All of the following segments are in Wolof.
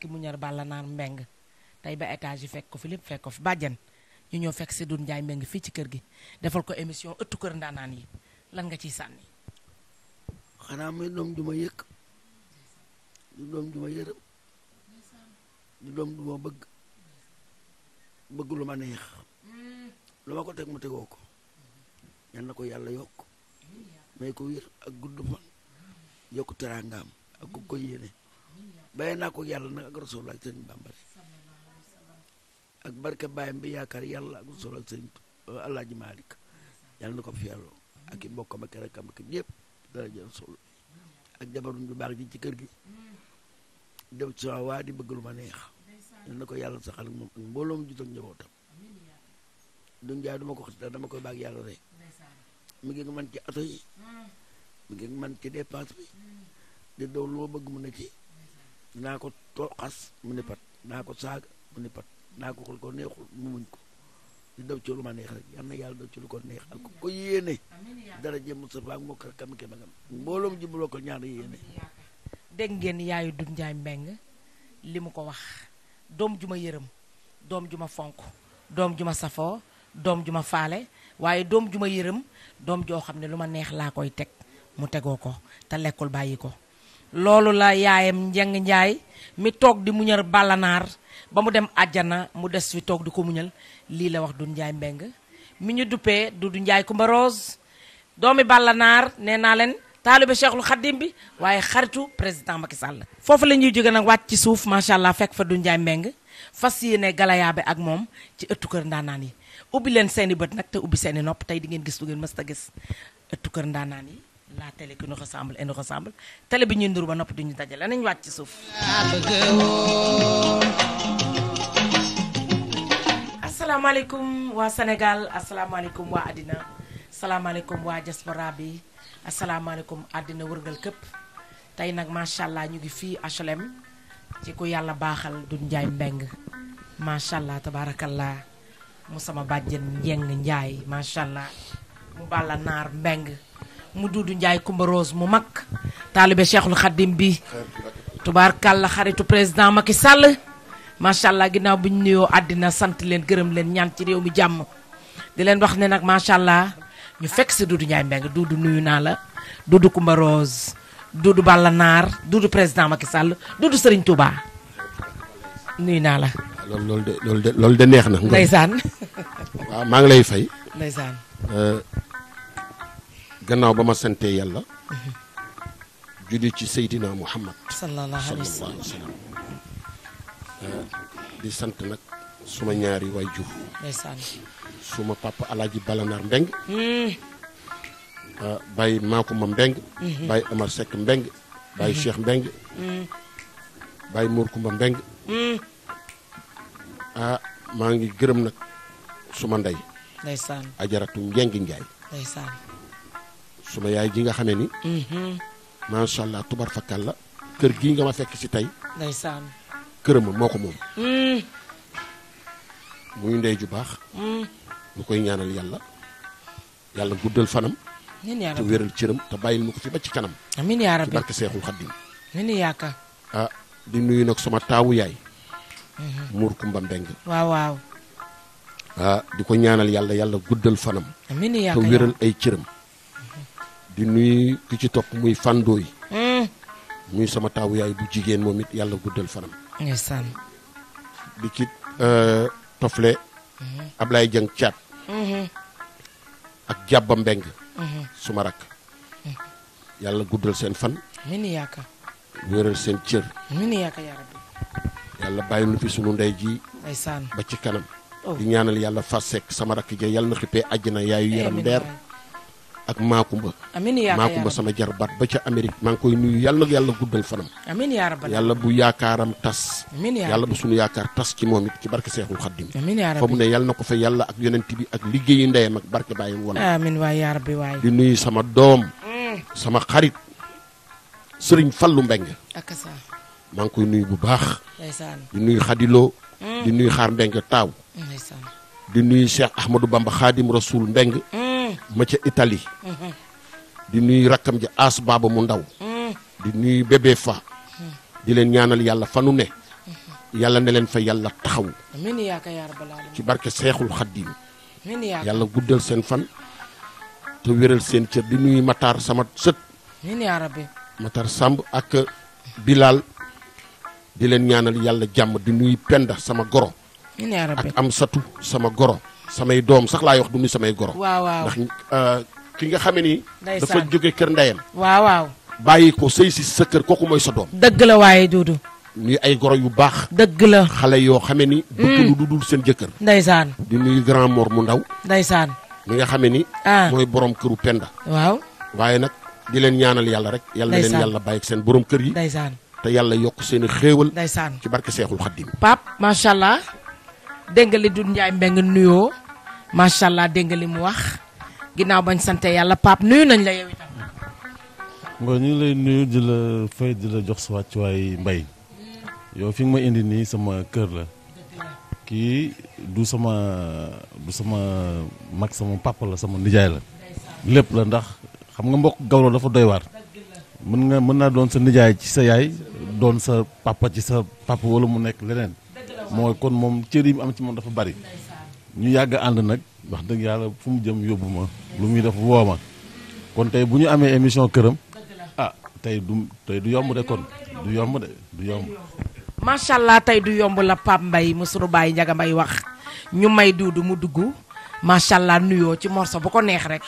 ki mu ñor balla mbeng tey ba étage yi fekk ko fi lépp fekk ko fi bàjjen ñu ñëw fekk si Doudou Ndiaye mbeng fii ci kër gi defal ko émission ëttu kër ndaanaan yi lan nga ciy sànni. xanaa muy doom ju ma yëg du doom ju ma yërëm du doom ju ma bëgg bëgg lu ma neex lu ma ko teg mu tegoo ko ñaan na ko yàlla yokk may ko wér ak gudd fan yokk teraangaam ak ku ko yéene bàyyi naa ko yàlla nag ak rasul ak sëriñ Bamba ak barke baayam bi yaakaar yàlla ak rasul ak sëriñ Alaaji Malik yàlla na ko fi yàlloo ak i mbokkam ak i rakkam ak yëpp dara jël sol ak jabarum ju baax ji ci kër gi dem ci sama waa di bëgg lu ma neex yal na ko yàlla saxal ak moom ak mbooloom jut ak njabootam du njaay du ma ko xasida dama koy baag yàlla rek mu ngi man ci ato yi mu ngi man ci dépense bi di doon lu ma bëgg mu ne ci naa ko xas mu ne pat naa ko saaga mu ne ko xul ko neexul mu muñ ko di ci lu ma neex rek yal na yàlla daw ci lu neex ak ko yéene dara jëm Moustapha ak mokk mbooloo mu ko ñaar yéene dégg ngeen yaayu Doudou Ndiaye Mbengue li mu ko wax doom ju ma yërëm doom ju ma fonk doom ju ma safoo doom ju ma faale waaye doom ju ma yërëm doom joo xam ne lu ma neex laa koy teg mu tegoo ko te lekkul bàyyi ko loolu la yaayam njeng njaay mi toog di muñal ballanaar ba mu dem àjjana mu des fi toog di ko muñal lii la wax Doudou Ndiaye Mbengue mi ñu duppee Doudou Ndiaye Coumba Rose doomi ballanaar nee naa leen taalibe Cheikhul Khadim bi waaye xaritu président Macky la foofu la ñuy jóge nag wàcc ci suuf macha allah fekk fa Doudou Ndiaye Mbengue fas yéene galayaabe ak moom ci ëttu kër ndaanaan yi ubbi leen seeni bët nag te ubbi seeni nopp tey di ngeen gis lu ngeen mës gis ëttu kër ndaanaan yi la télé qui nous ressemble et nous ressemble télé bi ñuy ndur ba nopp duñu dajale nañ wàcc ci suuf. asalaamaaleykum waa Sénégal asalaamaaleykum waa àddina asalaamaaleykum waa diaspora bi asalaamaaleykum àddina wërngal këpp tey nag macha allah ñu ngi fii HLM ci ku yàlla baaxal du Njaay Mbeng macha allah tabaarakallah mu sama bàjjen Njeng Njaay macha allah mu balla naar Mbeng mu duudu Ndiaye Coumba Rose mu mag taalibe Cheikhul Khadim bi tubaar tubaarkàlla xaritu président Macky Sall macha allah ginnaaw bu ñu nuyoo àddina sant leen gërëm leen ñaan ci réew mi jàmm di leen wax ne nag macha allah ñu fekk si duudu Ndiaye Mbengue duudu nuyu naa la duudu Coumba Rose duudu Balla Naar duudu président Macky Sall duudu Serigne Touba nuyu naa la. loolu de loolu de neex na. ndeysaan. waaw maa ngi lay fay. ndeysaan. Euh, gannaaw ba ma sante yàlla mhm. julli ci Seydina Muhammad sallallahu alayhi wa sallam euh, di sant nag suma ñaari waay jur suma papa alaaji balanaar mbeng hmm. euh, bay maakuma mbeng mhm. bay amar sekk mbeng bay mhm. cheikh mbeng hmm. bay murkumba mbeng hmm. ah, maa ngi gërëm nag suma ndey ndeysaan ajaratu njengi njaay suma yaay ji nga xamee ni. Mm-hmm. macha allah tubar fakkal la. kër gii nga ma fekk ci tey. ndeysaan. këram moo ko moom. Mm. muy ndey ju baax. Mm. ñu koy ñaanal yàlla. yàlla guddal fanam. te wéral cëram te bàyyil ma ci kanam. amiin yaa rabbi ci barke Seexul Xaddim. ni ah, sama taawu yaay. Mm-hmm. Mour Kumba ah, di ko ñaanal yàlla yàlla guddal fanam. amiin yaa te wéral ay cëram. di nuyu ki ci topp muy fan fandooy hmm. muy sama taawu yaay bu jigéen moom it yàlla guddal fanam. ndeysaan. di ci euh, tofle. Hmm. Ablaye Dieng Thiat. Hmm. ak Jàbba Mbeng suma rakk. yàlla guddal seen fan. min yaaka. seen cër. min yaaka yaa rabbi. yàlla bàyyi nu fi sunu ndey ji. ndeysaan ba ci kanam. Oh. di ñaanal yàlla fas sekk sama rakk ja yàlla na xippee àjjana yaayu yaram deer ak Maakumba. amiin yaa Maakumba sama jarbaat ba ca Amérique maa ngi koy nuyu yàlla na yàlla guddal fanam. amiin yaa rabbal yàlla bu yaakaaram tas. yàlla bu sunu yaakaar tas ci moom it ci barke Seexul Xaddim. amiin yaa rabbi fa mu ne yàlla na ko fa yàlla ak yonent bi ak liggéeyu ndeyam ak barke bàyyam wala. amiin waay yaa rabbi waay. di nuyu sama doom. Mm. sama xarit sëriñ fallu Mbengue. ak sa maa ngi koy nuyu bu baax. ndeysaan di nuyu Xadiloo. Mm. di nuyu Xaar Mbengue Taaw. ndeysaan di nuyu Cheikh Ahmadou Bamba Xaadim Rasoul Mbengue mm. ma ca Italie di nuyu rakkam ji aas baaba mu ndaw di nuyu bébé fa di leen ñaanal yàlla fanu ne yàlla ne leen fa yàlla taxaw ci barke seexul xaddim yàlla guddal seen fan te wéral seen cër di nuyu Matar sama sët Matar Samb ak Bilal di leen ñaanal yàlla jàmm di nuyu Penda sama goro ak am satu sama goro samay doom sax laa wax du ñu samay goro. waaw waaw ndax euh, ki nga xamee ni. dafa jóge kër ndeyam. waaw waaw. bàyyi ko sëy si sa kër kooku mooy sa doom. dëgg la waaye Doudou. ñuy ay goro yu baax. dëgg la xale yoo xamee ni. Mm. bëgg lu dudul seen jëkkër. ndeysaan. di muy grand mor mu ndaw. daysaan mi nga xamee ni. Ah. mooy borom këru Penda. waaw waaye nag di leen ñaanal yàlla rek. yàlla leen yàlla bàyyi ak seen boroom kër yi. ndeysaan te yàlla yokk seen i xéewal. ndeysaan ci barke Seexul Xaddim. Pape macha allah. dégg nga li Doudou Ndiaye Mbengue nuyoo macha allah dégg nga li mu wax ginnaaw bañ sante yàlla Pape nuyu nañ la yow itam. nga ñu lay nuyu di la fay di la jox sa wàccuwaay mbay yow fi nga ma indi nii sama kër la kii du sama du sama mag sama papa la sama nijaay la lépp la ndax xam nga mbokk gawlo dafa doy waar mën nga mën naa doon sa nijaay ci sa yaay doon sa papa ci sa papa wala mu nekk leneen mooy kon moom cër yi mu am ci moom dafa bari ñu yàgg ànd nag wax dëgg yàlla fu mu jëm yóbbu ma lu muy def woo ma kon tey bu ñu amee émission këram ah tey du du yomb de kon du yomb de du yomb. macha allah tey du yomb la Pape Mbaye mu sunu bàyyi Ndiaga Mbaye wax ñu may duudu mu dugg macha allah nuyoo ci morso bu ko neex rek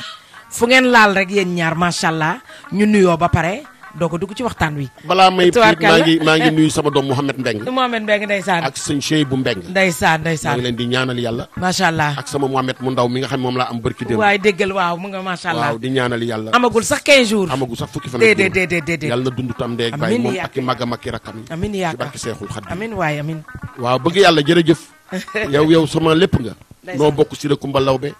fu ngeen laal rek yéen ñaar macha allah ñu nuyoo ba pare. doo ko dugg ci waxtaan wi. balaa may maa ngi maa ngi nuyu sama doom Mouhamed Mbeng Mouhamed Mbeng ak sëñ Cheikh bu Mbeng ndeysaan ndeysaan maa leen di ñaanal yàlla macha allah ak sama Mouhamed mu ndaw mi nga xam moom laa am barki waaye déggal waaw mu nga macha allah waaw di ñaanal amagul sax 15 jours amagul sax fukki fan yàlla na dund tam ndeeg bàyyi moom ak i magam ak i rakam yi amiin yaa ci barki Seexul Xadiim amiin waay amiin waaw bëgg yàlla jërëjëf yow yow sama lépp nga noo bokk Siré Kumba Lawbe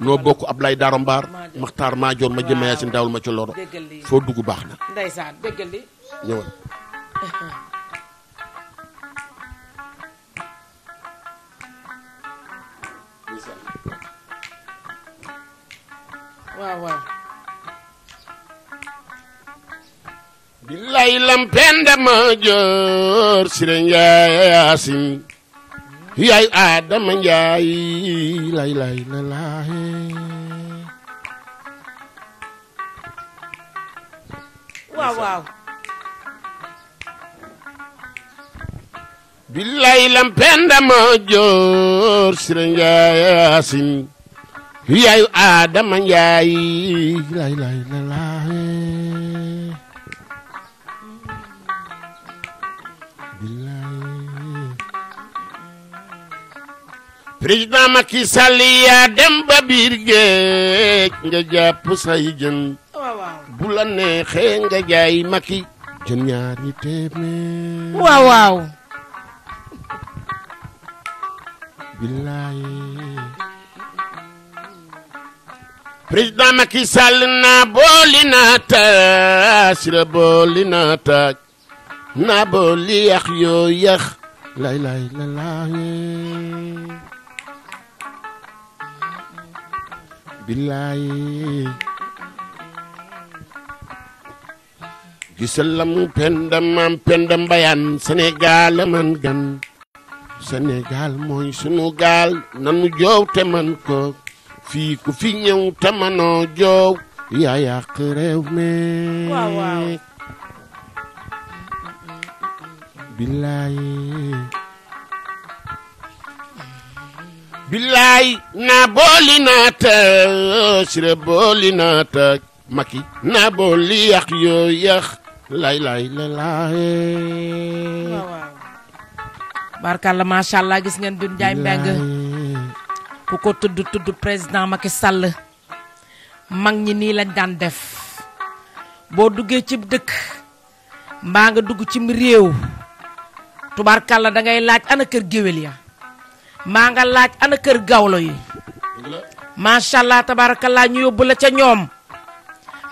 noo bokk Ablaye Daaro Mbaar Maxtaar Maajoor ma jëmma Yaasin daawul ma ci foo dugg baax na ndeysaan déggal li ñëwal waaw waaw billaay Yaasin yaay Adama Njaay lay lay la président Macky Sall yaa dem ba biir géej nga jàpp say jën bu la neexee nga jaay Macky jën ñaari téeméer waaw waaw billaay président Macky Sall na booli naa taaj la booli naa taaj naa booli yax yoo yax lay lay la laay billaay gisalam penda maam penda mbayaan Sénégal man gan Sénégal mooy sunu gaal nanu joow te man ko fii ku fi ñëw te manoo joow yaa yàq réew meek billaay naa booli naa taag sire naa taag maki yàq yoo yàq lay lay la laay. barkalla macha allah gis ngeen Doudou Ndiaye Mbengue ku ko tudd tudd président Macky Sall mag ñi nii lañ daan def boo duggee ci dëkk mbaa nga dugg cim réew tubarkalla da ngay laaj ana kër géwél ya maa nga laaj ana kër gawlo yi macha allah tabaarakallaa ñu yóbbu la ca ñoom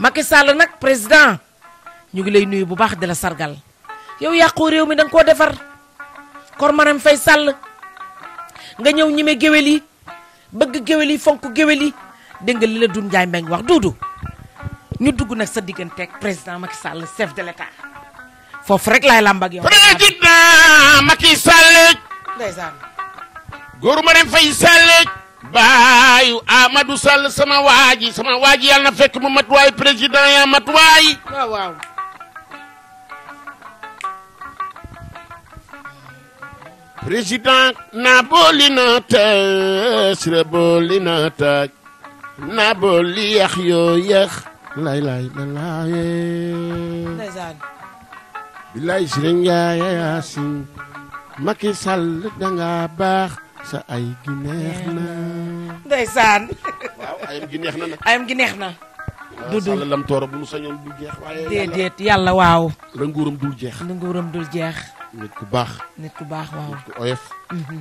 Macky Sall nag président ñu ngi lay nuyu bu baax di la sargal yow yàqu réew mi da nga koo defar kor Marème fay Sall nga ñëw ñime géwél yi bëgg géwél yi fonk géwél yi dégg nga li la Doudou Ndiaye wax Doudou ñu dugg nag sa digganteeg président Macky Sall chef de l'état foofu rek laay làmb ak président Macky Sall. ndeysaan. góoru ma dem fay sàll baayu Amadou Sall sama waaji sama waaji yàlla na fekk mu mat waay président yaa mat waay. waaw waaw. président na booli na taaj na booli yax yax lay lay la laayee. ndeysaan. bilaay danga baax. sa ay gi neex na. ndeysaan. waaw ayam gi neex na nag. ayam gi neex na. dudu sàll lam toora bu mu sañoon du jeex. waaye déedéet yàlla waaw. la nguuram dul jeex. la nguuram dul jeex. nit ku baax. nit ku baax waaw nit ku oyof. Mhm.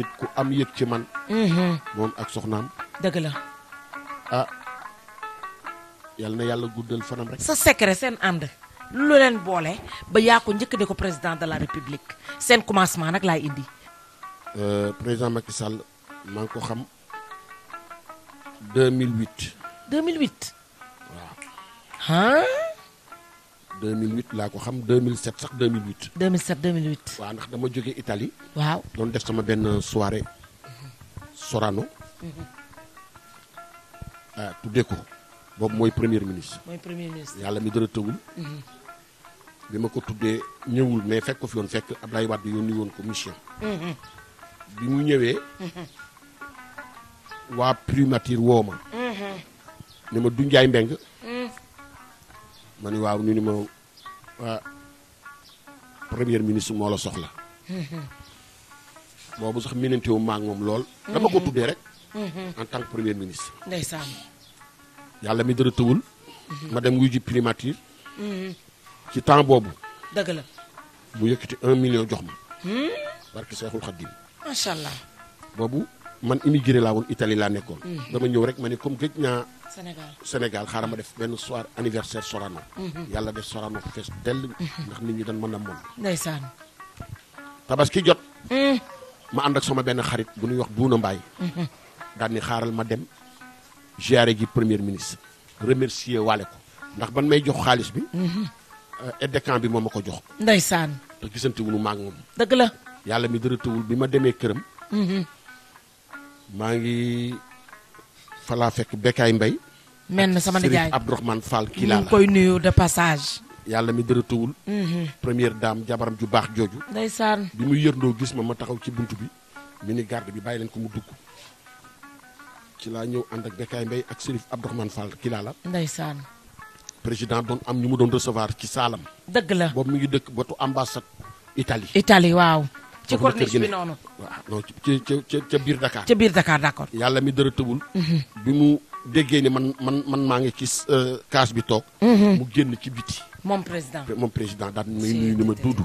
nit ku am yëg ci man. Mhm. moom ak soxnaam. dëgg la. ah yal na yàlla guddal fanam rek. sa secret seen ànd. lu leen boole ba yaa ko njëkk di ko président de la république seen commencement nag laay indi. Euh, président Macky Sall maa ngi ko xam 2008. 2008. waaw. ah. 2008 laa ko xam mille 2007 sax 2008. 2007 2008. waaw ndax dama jóge itali waaw doon def sama benn soirée. Sorano. Mhm. Euh, tuddee ko. boobu mooy premier ministre. yàlla mi dara tëwul. Mhm. bi ma ko tuddee ñëwul mais fekk ko fi woon fekk Ablaye Wade yónni woon ko mission. Mhm. bi mu ñëwee waa primature woo ma mm-hmm. ne ma du njaay mbeng mm. ma ni waaw ñu ni ma waa moo la soxla mm-hmm. boobu sax minante wu moom lool mm-hmm. dama ko tuddee rek en tant que yàlla mi dara ma dem wuy primature ci temps boobu dëgg la mu yëkkati un million jox ma hmm? barke Seexul Xaddim ma allah. boobu man immigré laa woon Italie laa nekkoon. Mm. dama ñëw rek ma ne comme gëj naa. Sénégal Sénégal xaaral ma def benn soir anniversaire Sorano. Mm-hmm. yàlla def Sorano fees dell. Mm-hmm. ndax nit ñi dañ mën a mën. ndeysaan. tabaski jot. Mm. ma ànd ak sama benn xarit bu ñuy wax Buuna Mbaay. Mm-hmm. daal ni xaaral ma dem ziare ji premier ministre remercier waale ko ndax ban may jox xaalis bi. Euh, aide de bi moom ma ko jox. ndeysaan. te gisante wuñu maa ngi moom. yàlla mi dara bi ma demee këram. Mm-hmm. maa ngi fa laa fekk Bekay Mbay mel na sama nijaay Serigne Abdourahmane Fall kii laa koy nuyu de yàlla mi dara mm-hmm. première daam jabaram ju baax jooju. ndeysaan bi muy yërndoo gis ma ma taxaw ci bunt bi mu ni garde bi bàyyi leen ko mu dugg. ci laa ñëw ànd ak Bekay Mbay ak Serif Abdourahmane Fall kii laa la. ndeysaan. président doon am ñu mu doon recevoir ci saalam. dëgg la boobu mi ngi dëkk botu ambassade Italie. Italie waaw. ci corniche bi noonu waaw non ca ca biir Dakar. ca biir Dakar d'accord. yàlla mi dara tëbul. Mhm. bi mu déggee ni man man maa ngi ci kaas euh, bi toog. Mhm. mu génn ci biti. moom président moom président daal may nuyu ni ma duudu.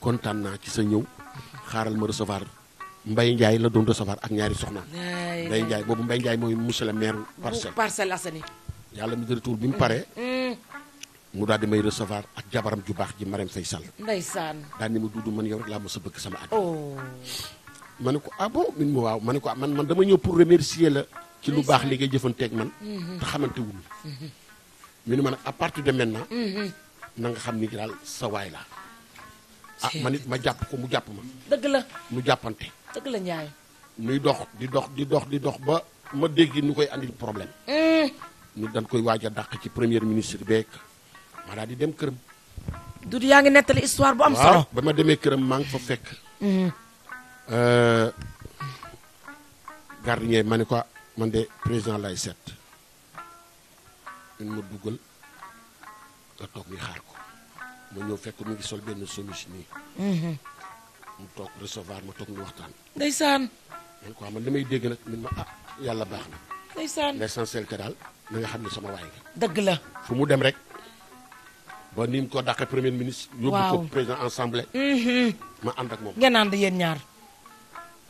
kontaan naa ci sa ñëw xaaral ma recevoir. Mbaye Ndiaye la doon recevoir ak ñaari soxna Mbaye Ndiaye boobu Mbaye Ndiaye mooy monsieur le maire. parcelle bu Parcelles yàlla mi dara bi mu paree. Mhm. mu daal di may recevoir ak jabaram ju baax ji Marème Faye Sall. ndeysaan daal ni mu duudu man yow rek laa mos sa bëgg sama at. Oh. ma ne ko ah bon min mu waaw ma ne ko ah, man man dama ñëw pour remercier la. ci lu baax li ngay jëfanteeg man. Mm-hmm. te xamante wu mm-hmm. ñu. ma nag à partir de maintenant. Mm-hmm. na nga xam ni daal sa waay la ah man it ma jàpp ko mu jàpp ma. dëgg la nu jàppante. dëgg la Njaay. nuy dox di dox di dox di dox ba ma dégg nu koy andil problème. Mm. nu dañ koy waaj a dàq ci premier ministre beek. ma daal di dem këram. Doudou yaa ngi nettali histoire bu am solo. ba ma demee këram maa ngi fa fekk. Mhm. Euh, gardien ma ne ko man de président lay set ñun ma dugal nga toog ñu xaar ko ma ñëw fekk mu ngi sol benn chemise nii. Mhm. mu toog recevoir ma toog ñu waxtaan. ndeysaan. Ah, man ko am li may dégg nag min ma ah yàlla baax na. ndeysaan l'essentiel que daal na xam ne sama waay nga. dëgg la fu mu dem rek. ba ni mu ko dàqee premier ministre. waaw yóbbu ko président assemblée. Mm-hmm. ma ànd ak moom. ngeen ànd yéen ñaar.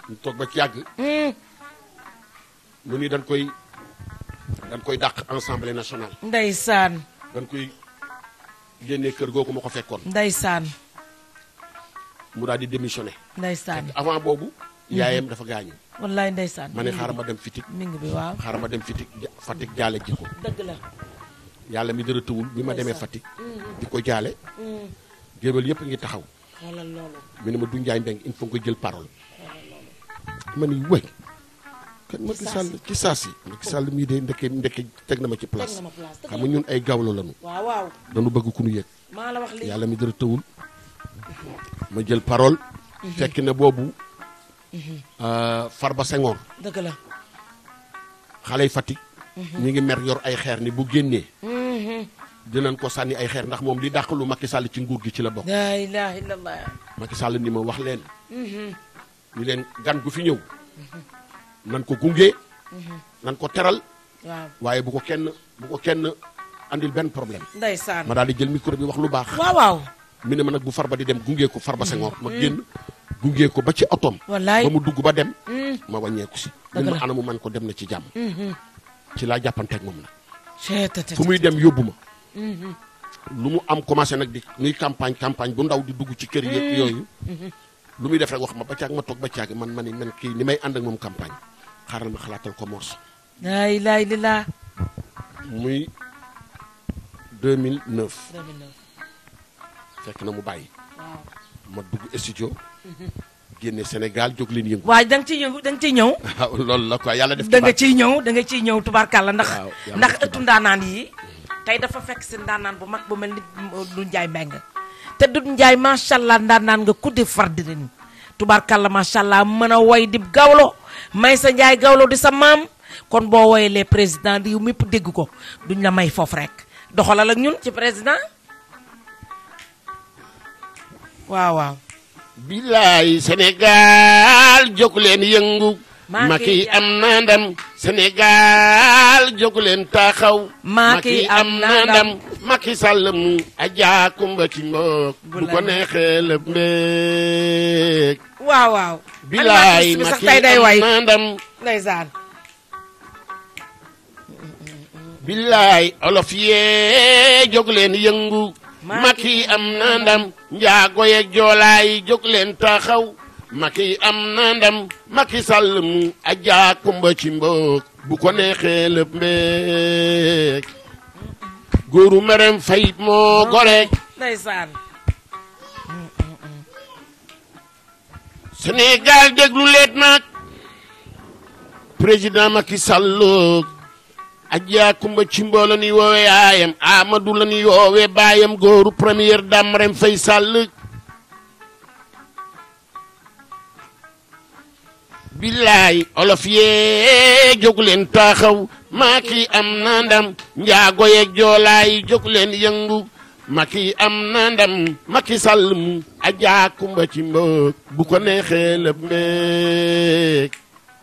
ñu toog ba ci yàgg. Mm. mu ni dañ koy dañ koy dàq assemblée nationale. ndeysaan. dañ koy génnee kër googu ma ko fekkoon. ndeysaan. mu daal di démissionné. ndeysaan avant boobu. Mm-hmm. yaayam dafa gaañu. wallaay ndeysaan. ma ne xaaral ma dem Fatick. mi ngi bi waaw xaaral ma dem Fatick Fatick jaale ji ko. yàlla mi dara bi ma demee Fatick. Mm-hmm. di ko jaale. géwél yëpp ngi taxaw. xoolal loolu. mu ma du Njaay Mbeng il faut nga jël parole. ma ni wëy. kan Macky Sall ci saas yi Macky Sall mii de ndekke ndekke teg na ma ci place xam nga ñun ay gawlo la waaw waaw bëgg ku ñu yëg yàlla mi dara tëwul ma jël parole tekki mhm. na boobu mhm. euh, Farba Senghor dëgg xale yi Fatick mhm. ñu ngi mer yor ay xeer ni bu génnee dinañ ko sànni ay xeer ndax moom li dàq lu makki Sall ci nguur gi ci la bokk. laa ilaaha illallah. Macky Sall ni ma wax leen. ñu mhm. leen gan gu fi ñëw. Mhm. nan ko gunge. Mhm. nan ko teral. waaye bu ko kenn bu ko kenn andil benn problème. ndeysaan ma daal di jël micro bi wax lu baax. waaw waaw. ne ma nag bu ba di dem gunge ko far farba Senghor. ma génn gunge ko ba ci otoom. wallaay ba mu dugg ba dem. ma wàññeeku si. dëgg ma ma anamu man ko dem na ci jàmm. ci laa jàppanteeg moom nag. fu muy dem yóbbu ma. lu mu am commencé nag di muy campagne campagne bu ndaw di dugg ci kër yeeg mm. yooyu. lu muy def rek wax ma ba caag ma toog ba man ma ni man kii ni may ànd ak moom campagne xaaral ma xalaatal ko morso. laay laay li laa. muy 2009. 2009. fekk na mu bàyyi. waaw ma dugg studio. génne Sénégal jóg leen yëngu. waaw da nga ciy yëngu ñëw. waaw loolu la quoi yàlla def. da nga ciy ñëw da nga ciy ñëw tubaarkàlla ndax. ndax ëttu ndaanaan yi. tey dafa fekk si ndaanaan bu mag bu mel ni du Njaay Mbeng te du Njaay macha allah ndaanaan nga ku di far de leen tubaarkàlla macha allah mën a woy di gawlo may sa Njaay gawlo di sa maam kon boo woyee les président di mépp dégg ko duñ la may foofu rek doxalal ak ñun ci président waaw waaw billaay Sénégal jóg leen yëngu Macky am na ndam Sénégal jóguleen taxaw. Macky am na ndam Macky Sall mu Adja Kumba ci mbokk. bu ko neexee la mbéeg. waaw am na ndam. olof yee jóguleen yëngu. Macky am na njaago yeeg joolaay jóguleen taxaw. Macky am na ndam Macky Sall mu ajaa kumba bu ko neexee lépp mbeek góoru merem fay moo goreek ndeysaan Sénégal déglu leet nag président Macky Sall ajaa kumba ci mboo la ñuy yaayam Amadou la ñuy baayam góoru première dame Marème Faye Sall billaay olof yee jóg leen taaxaw maaki am na ndam njaago yeeg joolaay jóg leen yëngu maki am na ndam maki sàllmu ajaa kumba ci mbëg bu ko neexee lëb meek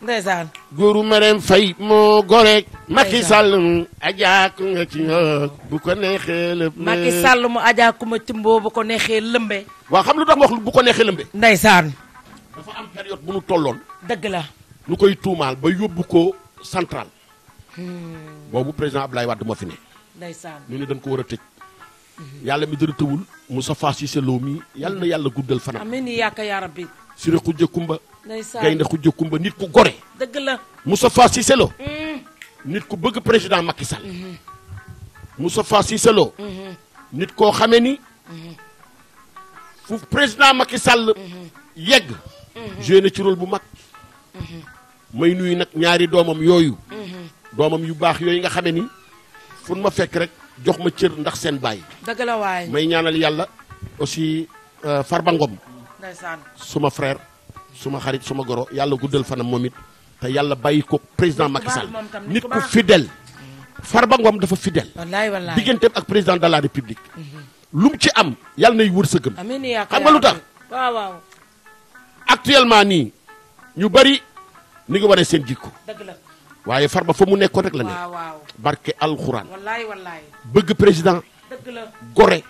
ndeysaan góoru marem fay moo goreek maki sàllmu ajaa kumba ci mbëg bu ko neexee lëb meek maki ci mbëg bu ko neexee lëmbe waaw xam lu tax wax bu ko neexee lëmbe ndeysaan dafa am période bu nu tolloon. dëgg la ñu koy tuumaal ba yóbbu ko central. Hmm. boobu président Abdoulaye Wade moo fi ne. ndeysaan ñu ne ko war a tëj. yàlla mi dara tëwul Moustapha Cissé Lo mi yàlla na yàlla guddal fanam. amiin yaaka yaa rabbi. Siré Khoudia Koumba. ndeysaan gaynde Khoudia Koumba nit ku gore. dëgg la Moustapha Cissé Lo. Hmm. nit ku bëgg président Macky Sall. Hmm. Moustapha Cissé Lo. nit koo xamee ni. fu président Macky Sall. yegg. Mm-hmm. joué na ci rôle bu mag mm-hmm. may nuyu nag ñaari doomam yooyu mm-hmm. doomam yu baax yooyu nga xame ni fu ma fekk rek jox ma cër ndax seen baay dëgg la waay may ñaanal yàlla aussi euh, Farba Ngom ndeysaan suma frère suma xarit suma goro yàlla guddal fanam moom te yàlla bàyyi ko président Macky Sall nit ku fidèle Farba Ngom dafa fidèle wallaay wallaay digganteem ak président de république lu ci am yàlla nay wërsëgam xam tax actuellement nii ñu bari ni ngi wane seen jikko waaye far ba fa mu nekkoon rek la ne barke alxuraan bëgg président gore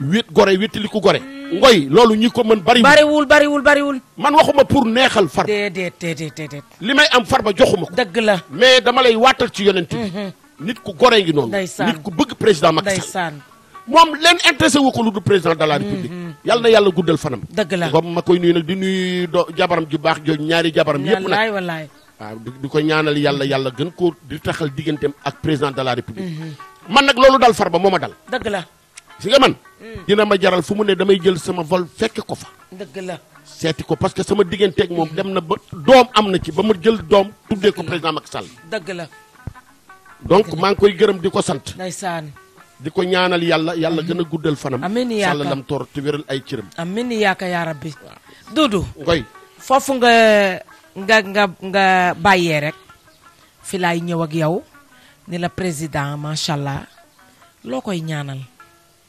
wét gore wétali ko gore ngoy loolu ñu ko mën bariwul bariwul bariwul man waxuma pour neexal Farba déedéet déedéet li may am far Farba joxuma ko la mais dama lay waatal ci yonent bi mm-hmm. nit ku gore ngi noonu nit ku bëgg président Macky Sall moom leen intéressé wu ko lu du président de la république mm-hmm. yàlla na yàlla guddal fanam dëgg la comme ma koy nuyu nag di nuyu do jabaram ju baax jooju ñaari jabaram yépp nag wallaay waaw di ko ñaanal yàlla yàlla gën koo di taxal digganteem ak président de la république mm-hmm. man nag loolu dal far ba moo ma dal dëgg la nga man mm. dina ma jaral fu mu ne damay jël sama vol fekk ko fa dëgg la seeti ko parce que sama digganteeg moom dem na ba doom am na ci ba ma jël doom tuddee ko mm-hmm. président Macky Sall maa ngi koy gërëm di ko sant ndeysaan di ko ñaanal yàlla yàlla gën a guddal fanam. amiin yaaka sàlla lam toor te wéral ay cëram. amiin yaaka yaa rabbi. Doudou. ngoy foofu nga nga nga nga bàyyee rek. fi laay ñëw ak yow. ni la président macha allah. loo koy ñaanal.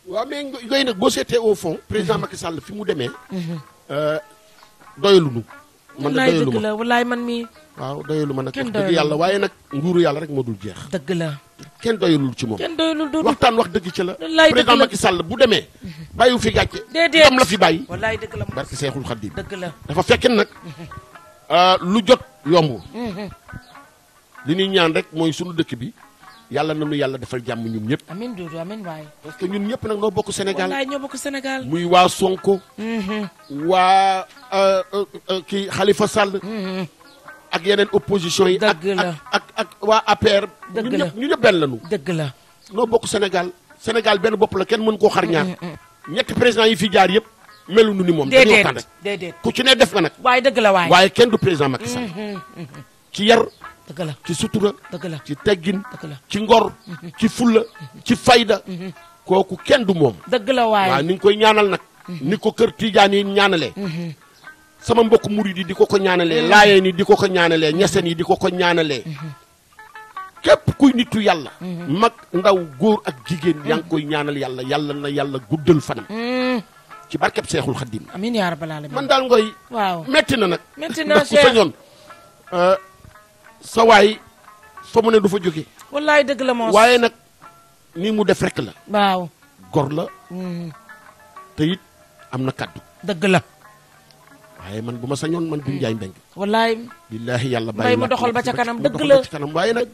waaw mais ngoy nag boo seetee au fond. président mhm. Macky Sall fi mu demee. Mhm. Euh, doyalunu. man da doyalu ma walaay man mii waaw doyalu ma nag wax dëgg yàlla waaye nag nguuru yàlla rek moo dul jeex dëgg la kenn doyalul ci moom kenn waxtaan wax dëgg ci la président Macky Sall bu demee bàyyiwu fi gàcce dam la fi bàyyi walaay dëgg la barke Seexul Xaddim dëgg la dafa fekken nag euh, lu jot yomb mm-hmm. li ñuy ñaan rek mooy sunu dëkk bi yàlla na nu yàlla defal jàmm ñun ñëpp. amiin Dodo amiin waay. parce que ñun ñëpp nag noo bokk Sénégal muy waa Sonko. Mm-hmm. waa euh, euh, euh, kii xalifa Sall. Mm-hmm. ak yeneen opposition yi. ak ak ak waa APR. dëgg la ñun ñëpp ñun ñëpp benn dëgg la noo bokk senegal senegal benn bopp la kenn mën koo xar ñaar. Mm-hmm. ñetti président yi fi jaar yëpp. meluñu ni moom dañoo waxtaan rek ku ci ne def nga nag. waaye dëgg la waay waaye kenn du président Macky Sall. ci yar. dëgg la ci sutura dëgg la ci teggin ci ngor mhm. ci fulla mhm. ci fayda mhm. kooku kenn du moom dëgg la waaye waaw ni nga koy ñaanal nag ni ko kër tiijaan yi ñaanalee sama mbokk murid yi di ko ko ñaanalee laayeen yi di ko ko ñaanalee ñeseen yi di ko ko ñaanalee képp kuy nitu yàlla mag ndaw góor ak jigéen yaa ngi koy ñaanal yàlla yàlla na yàlla guddal fanam ci barkeb seexul xaddim amiin yaa rabbal aalamiin man daal ngoy metti na nag metti na ku sañoon euh, sa waay fa mu ne du fa jóge wallaay dëgg la moos waaye nag nii mu def rek la. waaw gor la. Mm-hmm. te it am na kaddu. dëgg la. waaye man bu ma sañoon man duñ jaay mbeng. wallaay. billaahi yàlla bàyyi ma doxal ba ca kanam dëgg la waaye nag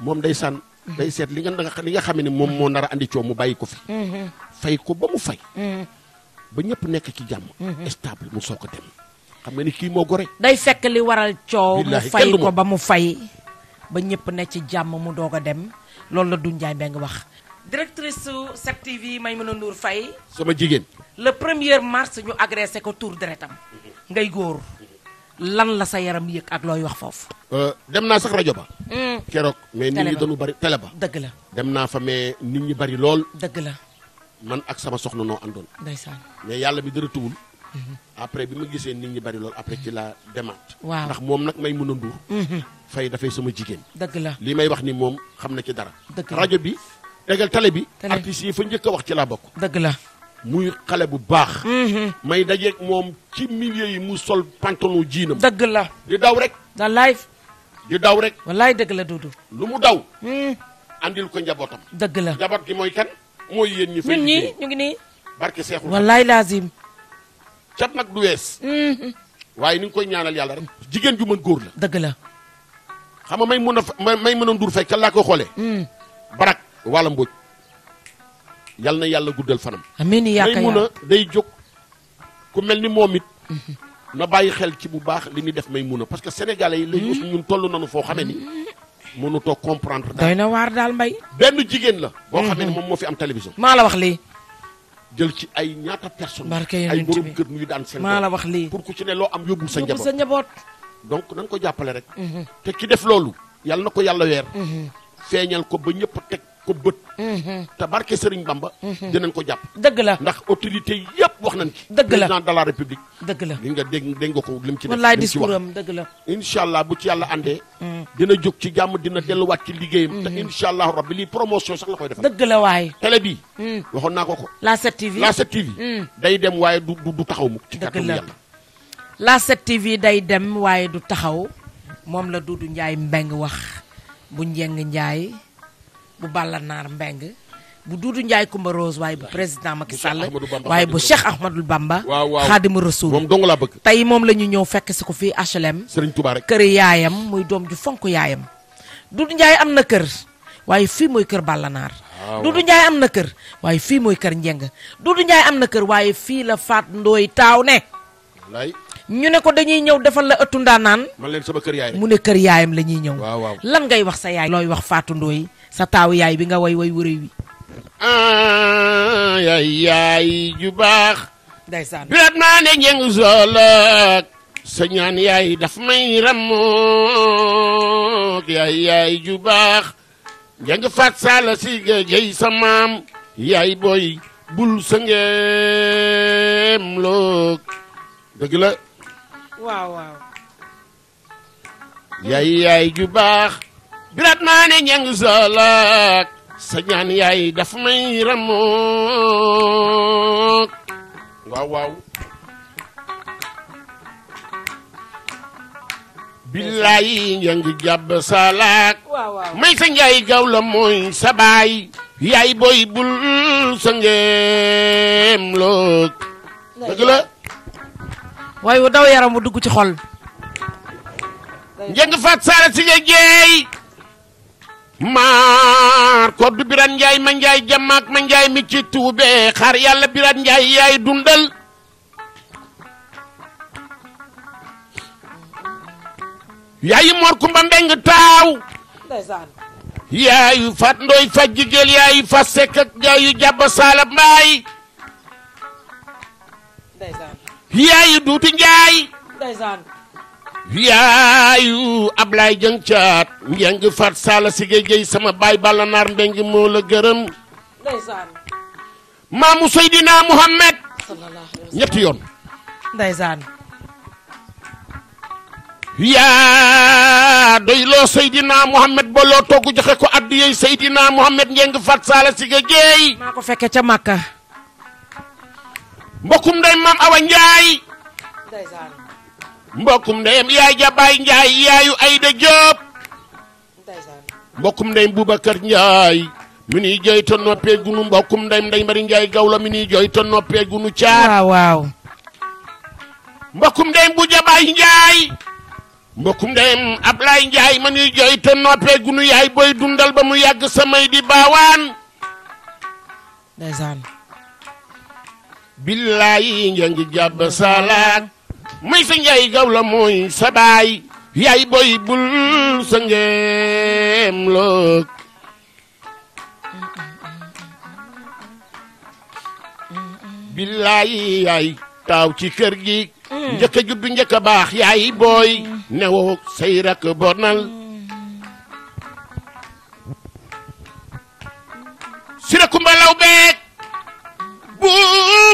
moom day sànn. Mm-hmm. day seet li nga li nga xame ne moom moo nar a andi coow mu bàyyi ko fi. Mm-hmm. fay ko ba mu fay. ba ñëpp nekk ci jàmm. stable mu soog a dem. xam nga ni kii moo gore day fekk li waral coow mu fay ko ba mu fay ba ñëpp ne ci jàmm mu doog a dem loolu la Doudou Ndiaye Mbengue wax directrice su 7TV Maimouna Ndour Faye sama jigéen le premier mars ñu agressé ko tour deretam ngay góor lan la sa yaram yëg ak looy wax foofu euh, dem naa sax rajo ba hmm. keroog mais nit ñi dañu bari télé ba dëgg la dem naa fa mais nit ñi bari lool dëgg la man ak sama soxna noo àndoon ndeysaan mais yàlla bi dara après bi ma gisee nit ñi bari lool après ci laa demaat. waaw ndax moom nag may mën a nduur. Mhm. fay dafay sama jigéen. dëgg la li may wax ni moom xam na ci dara. dëgg rajo bi tegal tale bi. artistes yi fa njëkk a wax ci laa bokk. dëgg la muy xale bu baax. Mhm. may dajeek moom ci milieu yi mu sol pantalon jiinam. dëgg la di daw rek. da live. di daw rek. wallaay dëgg la Doudou. lu mu daw. Mhm. andil ko njabootam. dëgg la njaboot gi mooy kan. mooy yéen ñi fay ñun ñii ñu ngi nii. barke Seexul wallaay laazim. cat nag du wees. Mm-hmm. waaye ni nga koy ñaanal yàlla rek jigéen ju mën góor la. dëgg la. xam nga may mën a may mën a ndur fekk kan laa koy xoolee. Mm. barak wàlla mbóoj yal na yàlla guddal fanam. amiin yaa may mën a day jóg ku mel ni moom it. Mm-hmm. na bàyyi xel ci bu baax li ñuy def may mun a parce que sénégalais yi. léegi aussi mm-hmm. ñun toll nañu foo xamee ni. mënutoo comprendre. doy na waar daal mbay. benn jigéen la. boo xamee ni moom moo fi am télévision. maa la wax lii. jël ci ay ñaata personne ay borom kër nuyu daan seen maa la wax lii pour ku ci ne loo am yóbbul sa njaboot sa njaboot donc nañ ko jàppale rek mhm. te ki def loolu yàlla na ko yàlla weer mhm. feeñal ko ba ñëpp teg ko bët. Mhm. te barke Serigne Bamba. Mhm. dinañ ko jàpp. dëgg ndax autorité yëpp wax nañ ci. dëgg la président la république. dëgg la li nga dégg dégg ko lim ci def. wallaay discours am dëgg la incha allah bu ci mhm. dina jóg ci jàmm dina delluwaat ci liggéeyam. te incha allah rabbi lii promotion sax la koy defal. dëgg la bi. waxoon naa ko ko. la 7TV la 7 day dem waaye du du taxaw mu. ci kàttan yàlla la 7TV day dem waaye du taxaw moom la Doudou Ndiaye Mbengue wax bu njeng Ndiaye. bu Balla Naar Mbeng bu Duudu Njaay Kumba Rose waaye bu président Macky waaye bu Cheikh Ahmadul Bamba Xaadimu Rasuul moom dong laa tey moom la ñu ñëw fekk si ko fii HLM Serigne Touba rek kër yaayam muy doom ju fonk yaayam Duudu Njaay am na kër waaye fii mooy kër Balla Naar ah, na kër waaye fii mooy kër Njeng Duudu Njaay am na kër waaye fii la Faat Ndooy taaw ne ñu ne ko dañuy ñëw defal la ëttu ndaanaan man leen kër yaay mu ne kër yaayam la ñuy ñëw lan ngay wax sa yaay looy wax faatu Ndoye sa taaw yaay bi nga way woy wërëy wi yaay yaay ju baax ndeysaan birat maa ne njëng soolak sa ñaan yaay daf may ramook yaay yaay ju baax njëng faat saala si ga sa maam yaay booy bul sa ngeem look waaw waaw yaay baax birat maa ne njàng sa ñaan yaay dafa may ramook waaw waaw billaay njàng salak may sa njaay gaw la mooy sa bul sa ngeem loog waaye daw yaram mu dugg ci xol njëng faat saara si nga jeey maar ko biran njaay ma njaay jamaak ma njaay mi ci tuube xaar yàlla biran njaay yaay dundal yaayu moor kumba mbeng taaw yaayu fat ndooy fa jigéel yaayu fa sekk ak yaayu saala mbaay yaayu duuti njaay ndeysaan yaayu Ablaye Jëng caat njëng fat sala si géej sama baay balla mbeng moo la gërëm maamu Seydina Muhammad ñetti yoon ndeysaan yaa doy loo Seydina Mohamed ba loo togg joxe ko addi yeey Seydina Mohamed njëng fat sala si géej maa ko fekke ca Makka mbokkum ndeyam maam Awa Ndiaye. mbokkum ndeyam yaay Jabaay Ndiaye yaayu Ayda Diop. mbokkum ndeyam Boubacar Ndiaye. mi nuy jooy ton noppee gunu mbokkum ndey Mari Ndiaye gawlo mi nuy jooy noppee gunu caar. mbokkum ndeyam bu Jabaay Ndiaye. mbokkum ndeyam Ablaye Ndiaye ma nuy jooy noppee gunu yaay booy dundal ba mu yàgg samay di baawaan. billaay ngeen ngi jàpp salaat muy sa yaay taaw ci kër gi mm. njëkk a juddu njëkk baax yaay booy newoo say rakk si rakumba law beek bu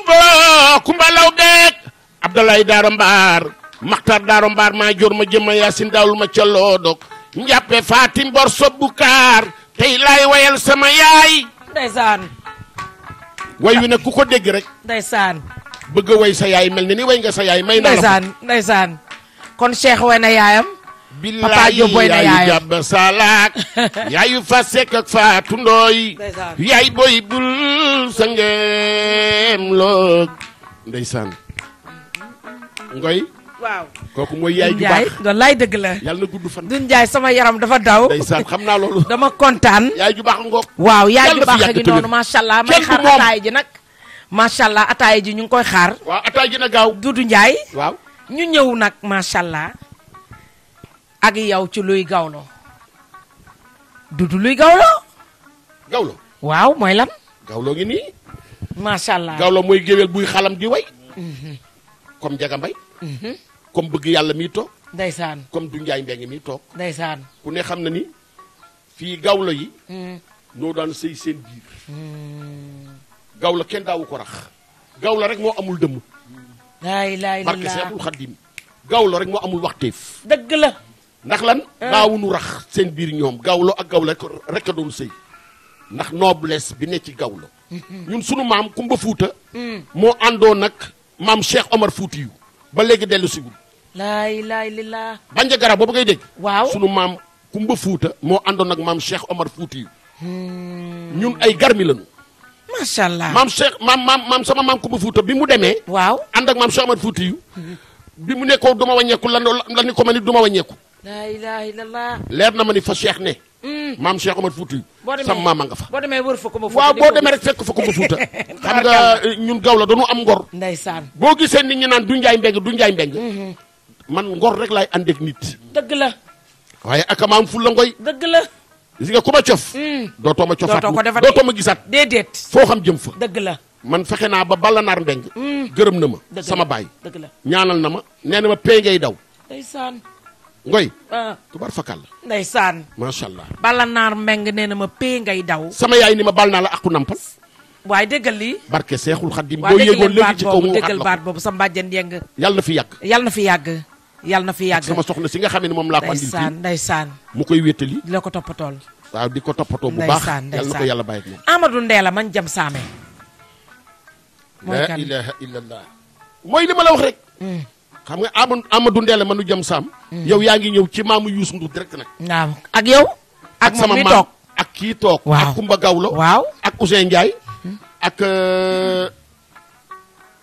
ba Kumba Law Beek Abdoulaye Daara Mbaar Makhtar Daara Mbaar maa jor ma jëmma Yaasin daawul ma calloo dog njàppe Fatim Bor Sobbu Kaar tey laay wayal sama yaay. ndeysaan. way ku ko dégg rek. ndeysaan. way sa yaay mel ni ni way nga sa yaay may. naa la ndeysaan ndeysaan kon Cheikh way na yaayam. papa jo boy na yaayam jàbb salaak yaayu fa sekk ak faatu ndooy yaay boy bul sa ngeem loog ndeysaan ngoy waaw kooku mooy yaay ju baax wallaay dëgg la yàlla na gudd fan dun sama yaram dafa daw ndeysaan xam naa loolu dama kontaan yaay ju baax ngoog waaw yaay ju baax ngi noonu macha allah may xaar ataay ji nag macha allah ataay ji ñu ngi koy xaar waaw ataay ji na gaaw Dudu Njaay waaw ñu ñëw nag macha allah ak yow ci luy gawlo dudu luy gawlo gawlo waaw mooy lan gawlo ngi nii macha allah gawlo mooy géwél buy xalam di way mhm. comme jaga mbay mhm. comme bëgg yàlla mii toog ndeysaan comme du njaay mbeng mii toog ndeysaan ku ne xam na ni fii gawlo yi mhm. ñoo daan sëy seen biir gawlo kenn daawu ko rax gawlo rek moo amul dëmm laay laay barke Seexul gawlo rek moo amul waxteef dëgg la ndax lan daawuñu rax seen biir ñoom gawlo ak gawlo rek a doon sëy ndax noblesse bi ne ci gawlo ñun sunu maam Kumba Fuuta moo àndoon nag maam Cheikh Omar Fuuti ba léegi dellu sigul laay laay li laa garab boobu ngay dégg waaw maam Kumba Fuuta moo àndoon nag maam Cheikh Omar Fuuti yu hmm. ñun ay garmi lañu macha allah maam Cheikh maam maam sama maam Kumba Fuuta bi mu demee waaw ànd ak maam Cheikh Omar Fuuti yu bi mu nekkoo duma wàññeeku lan la ni ko ma ni duma wàññeeku la ilaha illallah leer na ma ni fa cheikh ne hmm. maam ma Omar Fouti sama maama nga fa boo demee wër fa ko ma waaw boo demee rek fekk fa ko ma fuuta xam nga eh, ñun gaw la dañu am ngor boo gisee nit ñi naan du njaay mbeng du njaay mbeng mhm. man ngor rek laay ànd ak nit dëgg la waaye akamaam ful la ngoy dëgg la gis nga ku ma cof hmm. dootoo ma cofaat dootoo ma gisaat déedéet foo xam jëm fa la man fexe naa ba balla naar mbeng hmm. gërëm na ma sama baay dëgg la ñaanal na ma nee na ma pee ngay daw ngoy ah. tubaar fakal la ndeysaan macha allah bala naar meng nee na ma pee ngay daw sama yaay ni ma bal naa la aqu nampal waaye dëggal lii barke seexul xaddim boo yéegoon léegi ci kaw mu dëggal baat boobu sa mbàjjan yeng yal na fi yàgg yal na fi yàgg yal na fi yàgg sama soxna si nga xamee ne moom laa ko andil fii ndeysaan mu koy wéttali di la ko toppatool waaw di ko toppatoo bu baax yal na ko yàlla bàyyi ak moom Amadou man jam saame la ilaha illallah mooy li ma la wax xam nga ama Amadou Ndele manu jëm saam. Mm. yow yaa ngi ñëw ci maamu Youssou Ndour direct nag. waaw ak yow. ak sama maam ak kii toog. waaw ak Kumba Gawlo. waaw ak Ousseyn Ndiaye. Hmm. ak euh,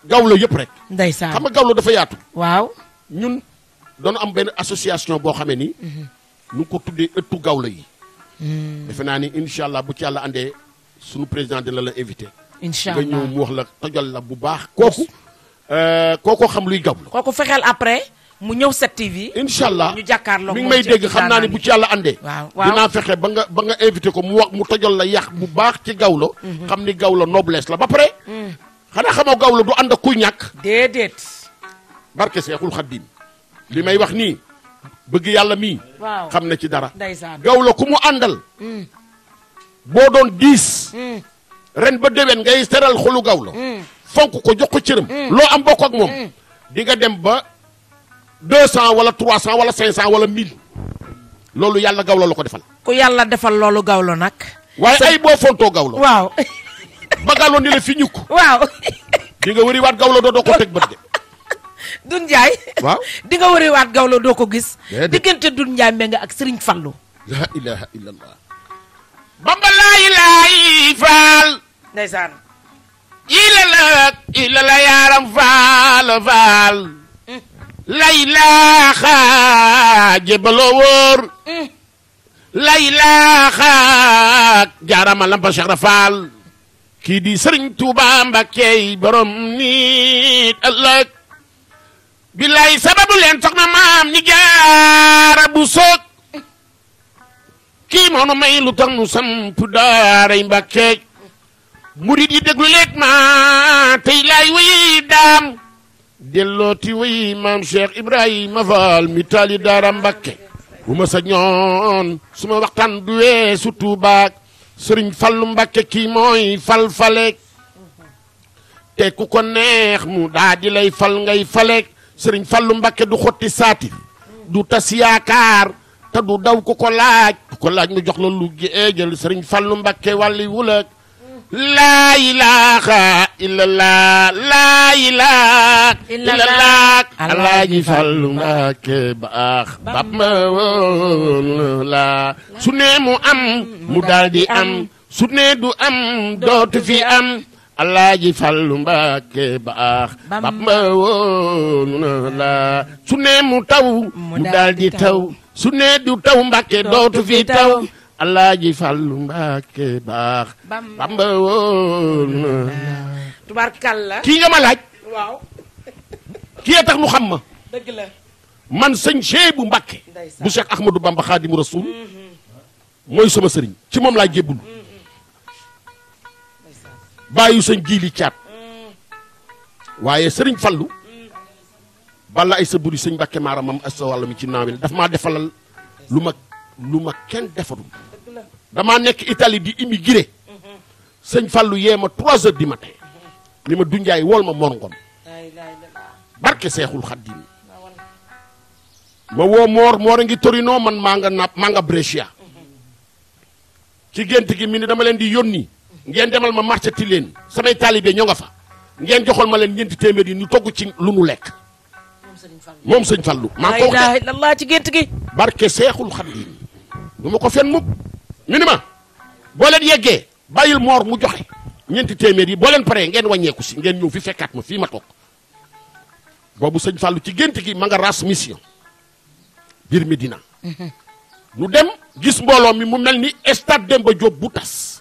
Gawlo yëpp rek. ndeysaan xam nga Gawlo dafa yaatu. waaw ñun doon am benn association boo xamee ni. nu hmm. ko tuddee ëttu Gawlo yi. Hmm. defe naa ni incha allah bu ci yàlla andee sunu président dina la invité. incha allah nga ñëw mu wax la tojal la bu baax kooku. Euh, kooko xam luy gablu. kooko fexeel après mu ñëw set TV. incha allah ñu jàkkaarloo mi may dégg xam naa ne bu ci àll andee. waaw waaw dinaa fexe ba nga ba nga invité ko mu wax mu tojol la yàq mu baax ci gawlo. Mhm. xam ni gawlo noblesse la ba pare. Mhm. xanaa xamoo gawlo du ànd ak kuy ñàkk. déedéet. barke Seexul Xaddim li may wax nii bëgg yàlla mii. xam na ci dara. ndeysaan gawlo ku mu àndal. Mhm. boo doon diis. ren ba déwén ngay teral xolu gawlo. fonk ko jox ko cëram. Mm. loo am bokk ak moom. Mm. di nga dem ba deux cent wala trois cent wala cinq cent wala mille loolu yàlla gawlo la ko defal. ku yàlla defal loolu gawlo nag. waaye ay boo fontoo gawlo. waaw. ba gawlo ni la fi ñukk. waaw. di nga wëriwaat gawlo doo ko teg bët de. Doudou Ndiaye. waaw di nga wëriwaat gawlo doo ko gis. diggante Doudou Ndiaye Mbengue ak Serigne Fallou. la ilaha illallah. Bamba laay laay faal. ilala ilala yaaram faal faal lay laaxa jébaloo wóor lay laaxa jaarama kii di Sëriñ Tuuba Mbàkke borom nit ëllëg bilay sababu leen soxna maam ñi jaara bu kii moonu may lu tax nu samp daaray Mbàkke murit yi déglu leeg ma tey laay wuy daam dellooti wuy maam Cheikh Ibrahima Fall mi taali daara Mbàkke bu ma sa ñoon suma waxtaan du weesu Tuubaa sëriñ Fallu Mbàkke kii mooy fal faleek te ku ko neex mu daa di lay fal ngay faleek sëriñ Fallu Mbàkke du xotti saati du tas yaakaar te du daw ku ko laaj ku ko laaj mu jox la lu géejal sëriñ Fallu Mbàkke wàlli wulak laa ilaaha illallah laa ilaaha illallah alaaji Fallu Mbàkke baax bap ma woon la su ne am mu daldi am su ne du am dootu fi am alaaji Fallu Mbàkke baax bap ma woon la su ne mu taw mu daldi taw su ne taw Mbàkke dootu fi taw alaaji Fallu Mbàkke baax. Bamba woon tubarkalla kii nga ma laaj. waaw. kii tax nu xam ma. man sëñ Cheikh bu Mbàkke. bu Cheikh Ahmadou Bamba Xaadimu Rasuul. Mm-hmm. mooy sama sëriñ ci moom laa jébbul. Mm-hmm. bàyyi sëñ jiili caat. Mm-hmm. waaye sëriñ Fallu. bala ay sa buri sëñ Mbàkke maaramam as sa wàll mi ci naawel daf maa defalal lu mag. lu ma kenn defatul damaa nekk Italie di immigré sëñ Fallou yee ma 3 heures ma matin li ma dunjaay wool ma Mor Ngom barke Seexul Xaddim ma woo moor moor a ngi Torino man maa nga napp maa nga Brescia ci gént gi mi ne dama leen di yónni ngeen demal ma marché leen samay taalibe ñoo nga fa ngeen joxal ma leen ñeenti téeméer yi ñu togg ci lu mu lekk moom sëñ Fallou maa ko wax ci gént gi barke Seexul Xaddim du ma ko fen mukk ñu ni ma boo leen yeggee bàyyil moor mu joxe ñeenti téeméer yi boo leen paree ngeen wàññeeku si ngeen ñëw fi fekkaat ma fii ma toog boobu sëñ Fallou ci gént gi ma nga ras mission biir Medina nu dem gis mbooloo mi mu mel ni stade Demba Diop bu tas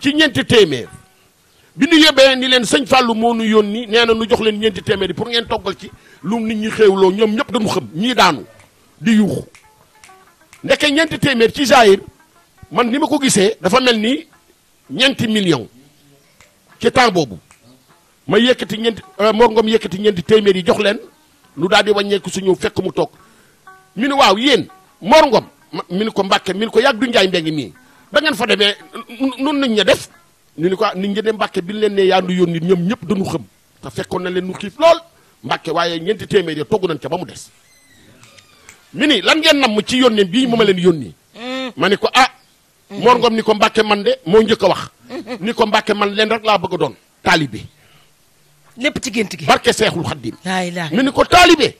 ci ñeenti téeméer bi nu yóbbee ni leen sëñ Fallou moo nu yónni nee na nu jox leen ñeenti téeméer yi pour ngeen toggal ci lu nit ñi xéewloo ñoom ñëpp dañu xam ñii daanu di yuuxu ndeke ñeenti téeméer ci jaayir man ni ma ko gisee dafa mel ni ñeenti million ci temps boobu ma yëkkati ñeenti euh, moo ngoom yëkkati ñeenti téeméer yi jox leen lu daal di wàññeeku su ñëw fekk mu toog mi ni waaw yéen Mor Ngom mi ni ko Mbàkke mi ko yàgg du Njaay Mbeng mii ba ngeen fa demee nun nañ ña def ñu ni ko ah, nit ñi de Mbàkke bi leen ne yaa nu yónni ñoom ñëpp dañu xëm te fekkoon na leen nu xiif lool Mbàkke waaye ñeenti téeméer ya togg nañ ca ba mu des mi ni lan ngeen nam ci yónnee bii mu ma leen yónni ma ni ko ah Mor Ngom ni ko Mbàkke man de moo njëkk a wax ni ko Mbàkke man leen rek laa bëgg a doon taalibe lépp ci gént gi barke seexul xaddim mi ni ko taalibe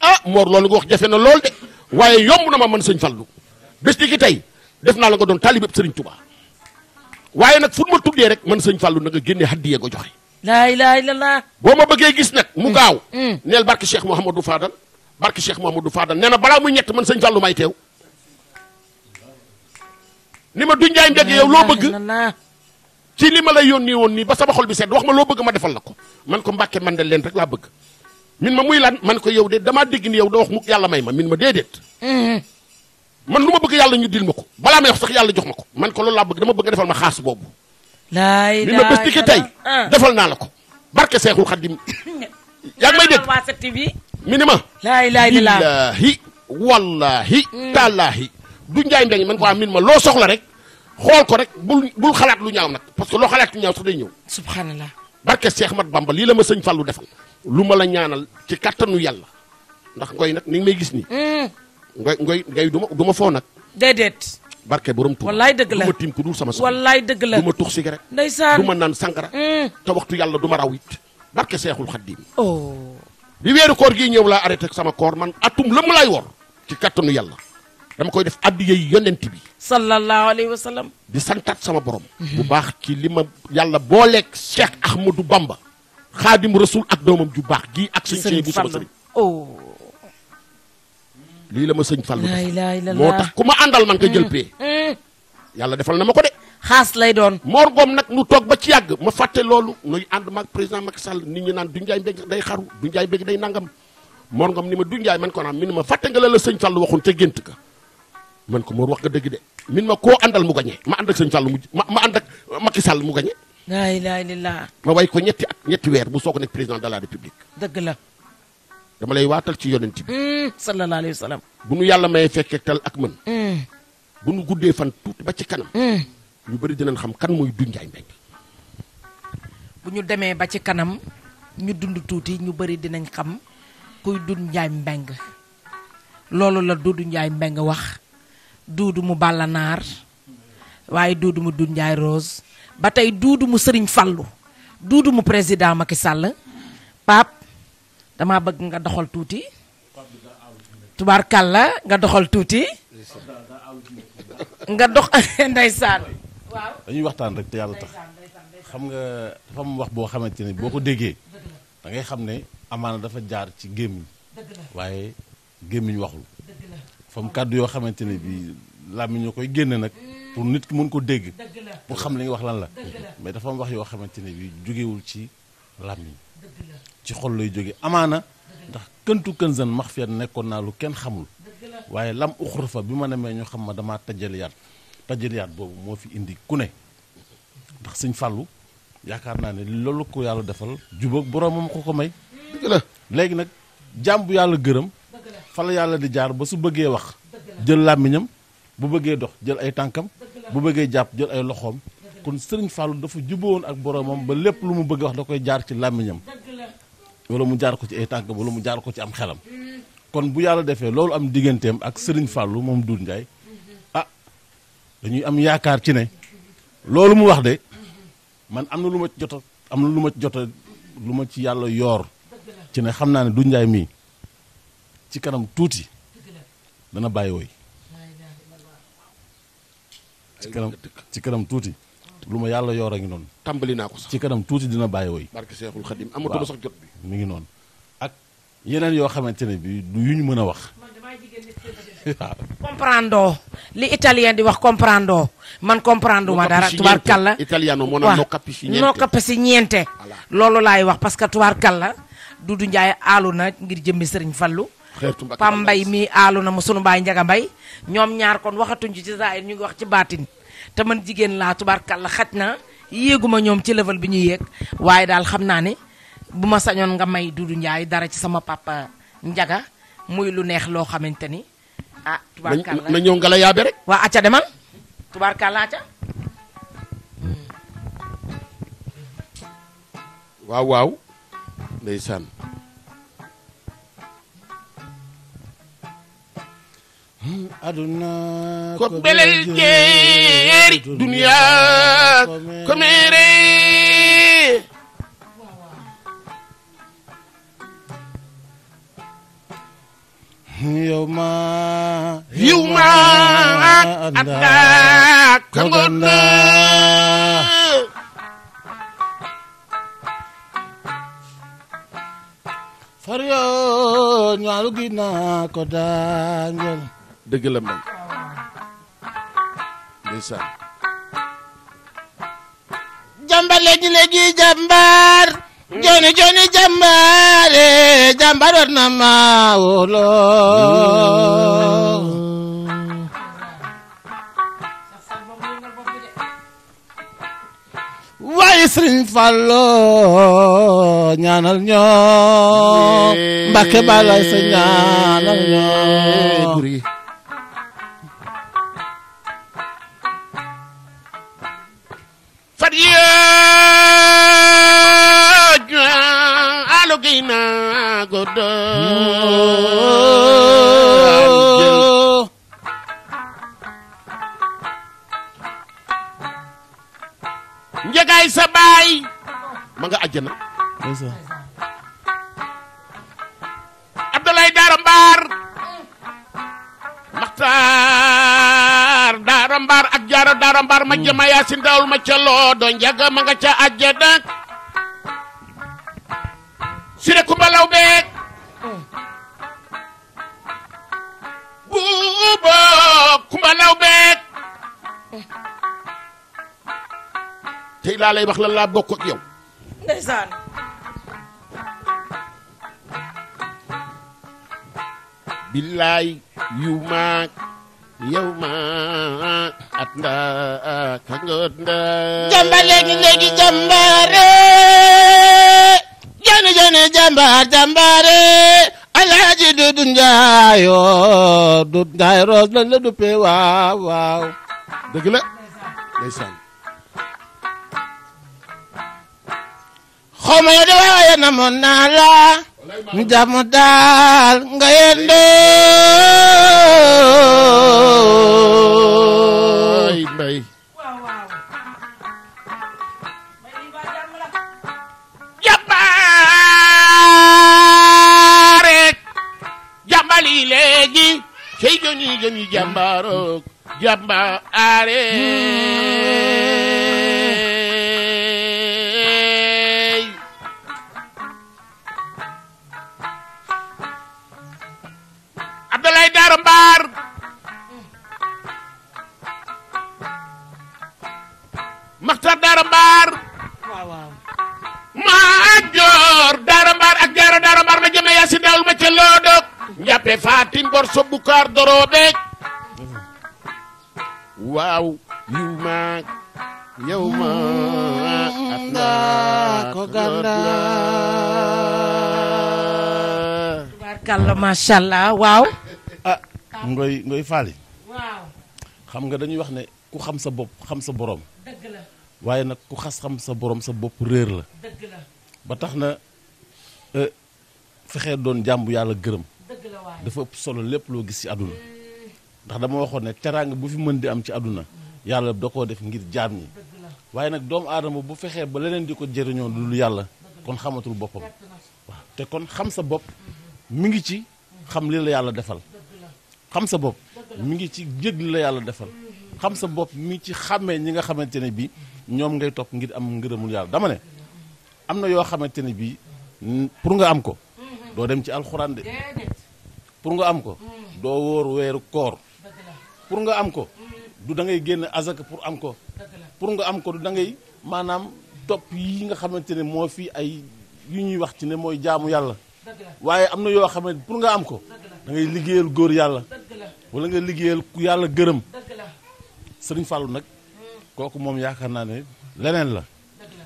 ah Mor loolu nga wax jafe na lool de waaye yomb na ma man sëñ Fallu bés di ki tey def naa la nga doon taalibe Sëriñ Tuubaa waaye nag fu ma tuddee rek man sëñ Fallu na nga génne haddiye nga joxe laa ilaaha illallaah boo ma bëggee gis nag mu mm. gaaw mm. neel barke Cheikh Mouhamadou Fadal barki Cheikh Mamadou Fadal nee na balaa muy ñett man sëñ Fallou may teew ni ma du Ndiaye Mbeg yow loo bëgg ci li ma lay yónnee woon nii ba sama xol bi sedd wax ma loo bëgg ma defal la ko man ko Mbàkke man de leen rek laa bëgg. min ma muy lan man ko yow de damaa dégg ni yow da wax mu yàlla may ma min ma dee déedéet. Mm-hmm. man lu ma bëgg yàlla ñu dil ma ko balaa may wax sax yàlla jox ma ko man ko loolu laa bëgg dama bëgg defal ma xaas boobu. laay min ma bés naa la ko mi ni ma. laay laay de la billaahi wallaahi. Mm. taalaahi du njaay dañ man ko am min ma loo soxla rek xool ko rek bul bul xalaat lu ñaaw nag parce que loo xalaat lu ñaaw sax day ñëw. subhanallah. barke Cheikh Mat Bamba lii la ma sëñ Fallou defal lu ma la ñaanal ci kattanu yàlla ndax ngoy nag ni ngi may gis nii. Mm. ngoy ngoy ngay du ma du ma foo nag. déedéet. barke borom tuur wallaay dëgg la du ma tiim ku sama soxla wallaay dëgg la du ma tux cigarette. ndeysaan du ma naan sangara. Mm. te waxtu yàlla du ma raw it barke Cheikhul Khadim. oh. bi weeru koor gi ñëw laa arrêté sama koor man atum lëmm laay wor ci kattanu yàlla dama koy def addiya yi yonent bi sallallahu alayhi wa sallam di santaat sama borom mhm. bu baax ci li ma yàlla booleeg Cheikh Ahmadou Bamba xaadim rasul ak doomam ju baax gii ak sëñ sëñ bu sama sëriñ oh. lii la ma sëñ Fallou def moo tax ku ma àndal man nga jël mhm. pee yàlla defal na ma ko de xaas lay doon Mor Ngom nag nu toog ba ci yàgg ma fàtte loolu nuy ànd maag président Macky Sall nit ñi naan du njaay mbég day xaru du njaay mbég day nangam Mor Ngom ni ma du man ko naan mi ni ma fàtte nga la la sëñ Fall waxoon ca gént ka man ko Mor wax nga dëgg de min ma koo àndal mu gañee ma ànd ak sëñ Sall mu ma ma ànd ak Macky Sall mu gañee laa ilaaha ma way ko ñetti at ñetti weer bu soo ko nekk président de la république dëgg la dama lay waatal ci yonent bi hmm, sallallahu alayhi wa sallam bu nu yàlla mayee fekkee tal ak mën hmm. bu nu guddee fan tuuti ba ñu bëri dinañ xam kan mooy Doudou Ndiaye Mbengue bu ñu demee ba ci kanam ñu dund tuuti ñu bëri dinañ xam kuy Doudou Ndiaye mbeng loolu la Doudou Ndiaye mbeng wax Doudou mu Balla Naar waaye Doudou mu Doudou Ndiaye Rose ba tey Doudou mu sëriñ Fallou Doudou mu président Macky sàll Pape dama bëgg nga doxal tuuti tubaarkàlla nga doxal tuuti nga dox ndeysaan waaw dañuy waxtaan rek te yàlla tax xam nga dafa am wax boo xamante ne boo ko déggee da ngay xam ne amaana dafa jaar ci gémmiñ waaye gémmiñ waxul fa kàddu yoo xamante ne bi làmmiñ ñoo koy génne nag mm. pour nit mën ko dégg pour xam lañuy wax lan la mais dafa am wax yoo xamante ne bi jógewul ci làmmiñ ci xol lay jóge amaana ndax këntu kënzan max fiyan nekkoon naa lu kenn xamul waaye lam uxur fa bi ma ne demee ñu xam ma damaa tajjal yàlla tajariyaat boobu moo fi indi ku ne ndax sëñ Fallou yaakaar naa ne loolu ko yàlla defal jubóog boromam ko ko may. léegi nag jaam bu yàlla gërëm. fa la yàlla di jaar ba su bëggee wax. jël làmmiñam bu bëggee dox jël ay tànkam. bu bëggee jàpp jël ay loxoom. kon sëriñ Fallou dafa jubóowoon ak boromam ba lépp lu mu bëgg wax da koy jaar ci làmmiñam. wala mu jaar ko ci ay tànkam wala mu jaar ko ci am xelam. kon bu yàlla defee loolu am digganteem ak sëriñ Fallou moom Doudou Ndiaye dañuy am yaakaar ci ne loolu mu wax de man am na lu ma jot am na lu ma jot lu ma ci yàlla yoor ci ne xam naa ne Doudou jaay mii ci kanam tuuti dana bàyyi woy ci kanam ci kanam tuuti lu ma yàlla yoor a ngi noonu. tàmbali naa ko sax ci kanam tuuti dina bàyyi woy. barke Seexul Xadim amatuma sax jot bi mi ngi noonu ak yeneen yoo xamante ne bi yu ñu mën a wax. comprendo li italien di wax comprendo man comprendre ma dara tubaarkalla italiano moo naan noo kapasi ñeente loolu laay wax parce que tubaarkalla Dudu Njaay aalu na ngir jëmmi Sëriñ Fallu Pam Mbay mii aalu na mu sunu mbaay Njaga Mbay ñoom ñaar kon waxatuñ ci zaahir ñu ngi wax ci baatin te man jigéen laa tubaar tubaarkalla xaj na yéeguma ñoom ci level bi ñuy yéeg waaye daal xam naa ni bu ma sañoon nga may Dudu Njaay dara ci sama papa Njaga muy lu neex loo ah na ñëw nga yaabe rek. waa acca demal tubaarkàlla waaw waaw ndeysaan aduna ko belel jeeri duniya ko yow ma yow ma ànda kaganda far yoo ñaalu gi naa ko daangeel dëgg la mbay ndeysaan jàmbar léegi léegi joni joni jambare jambaɗotnama wolo wayi sëriñ fallo ñaanal ñoo mbake balay ñaanal ñoo jógee naa ko doon. njëgaay sa baay. ma nga àjjana. Abdoulaye Daara Mbaar. Maxtaar ak Jaara Daara ma mm. jëma yaasin daawul ma ca loo njaga ma nga ca àjjana. Siré Kumba Lawbe Buuba Kumba Lawbe tey laa lay wax lan laa bokk ak yow. ndeysaan. billaay yu maag yow maag at ndaa ka nga ndaa. jàmba léegi seeni joni jambar jambare alaaji Dudu Njaayo Dudu Njaay Roos lañ waaw waaw dëgg la ndeysaan xaw ma yow de la jàmm daal nga yendoo léegi cey joni joni jàmbaaroo jàmbaar aare Abdoulaye Daaro Mbaar ak joor Daaro ak jaara Daaro ma jëme yaa si dawul te fatin borso bukaar doroobeek waaw yiw maak yow maak mm, atlaak ko gandaak tubaarkàlla masha allah waaw ah ngoy ngoy faali waaw xam nga dañuy wax ne ku xam sa bopp xam sa borom waaye nag ku xas xam sa borom sa bopp réer la ba tax na eh, fexee doon jàmbu yàlla gërëm dafa ëpp solo lépp loo gis ci àdduna ndax dama waxoon ne teraanga bu fi mën di am ci àdduna yàlla da koo def ngir jaam ñi waaye nag doomu aadama bu fexee ba leneen di ko jëriñoo lu yàlla kon xamatul boppam te kon xam sa bopp mu ngi ci xam li la yàlla defal xam sa bopp mu ngi ci yëg la yàlla defal xam sa bopp mi ngi ci xàmmee ñi nga xamante ne bi ñoom ngay topp ngir am ngërëmul yàlla dama ne am na yoo xamante ne bi pour nga am ko doo dem ci alxuraan de pour nga am ko mm. doo wóor weeru koor pour nga am ko mm. du da ngay génn azaka pour am ko pour nga am ko du da ngay maanaam topp yi nga xamante ne moo fi ay yu ñuy wax ci ne mooy jaamu yàlla waaye am na yoo xam ne pour nga am ko da ngay liggéeyal góor yàlla wala nga liggéeyal ku yàlla gërëm sëriñ Fallou nag mm. kooku moom yaakaar naa ne leneen la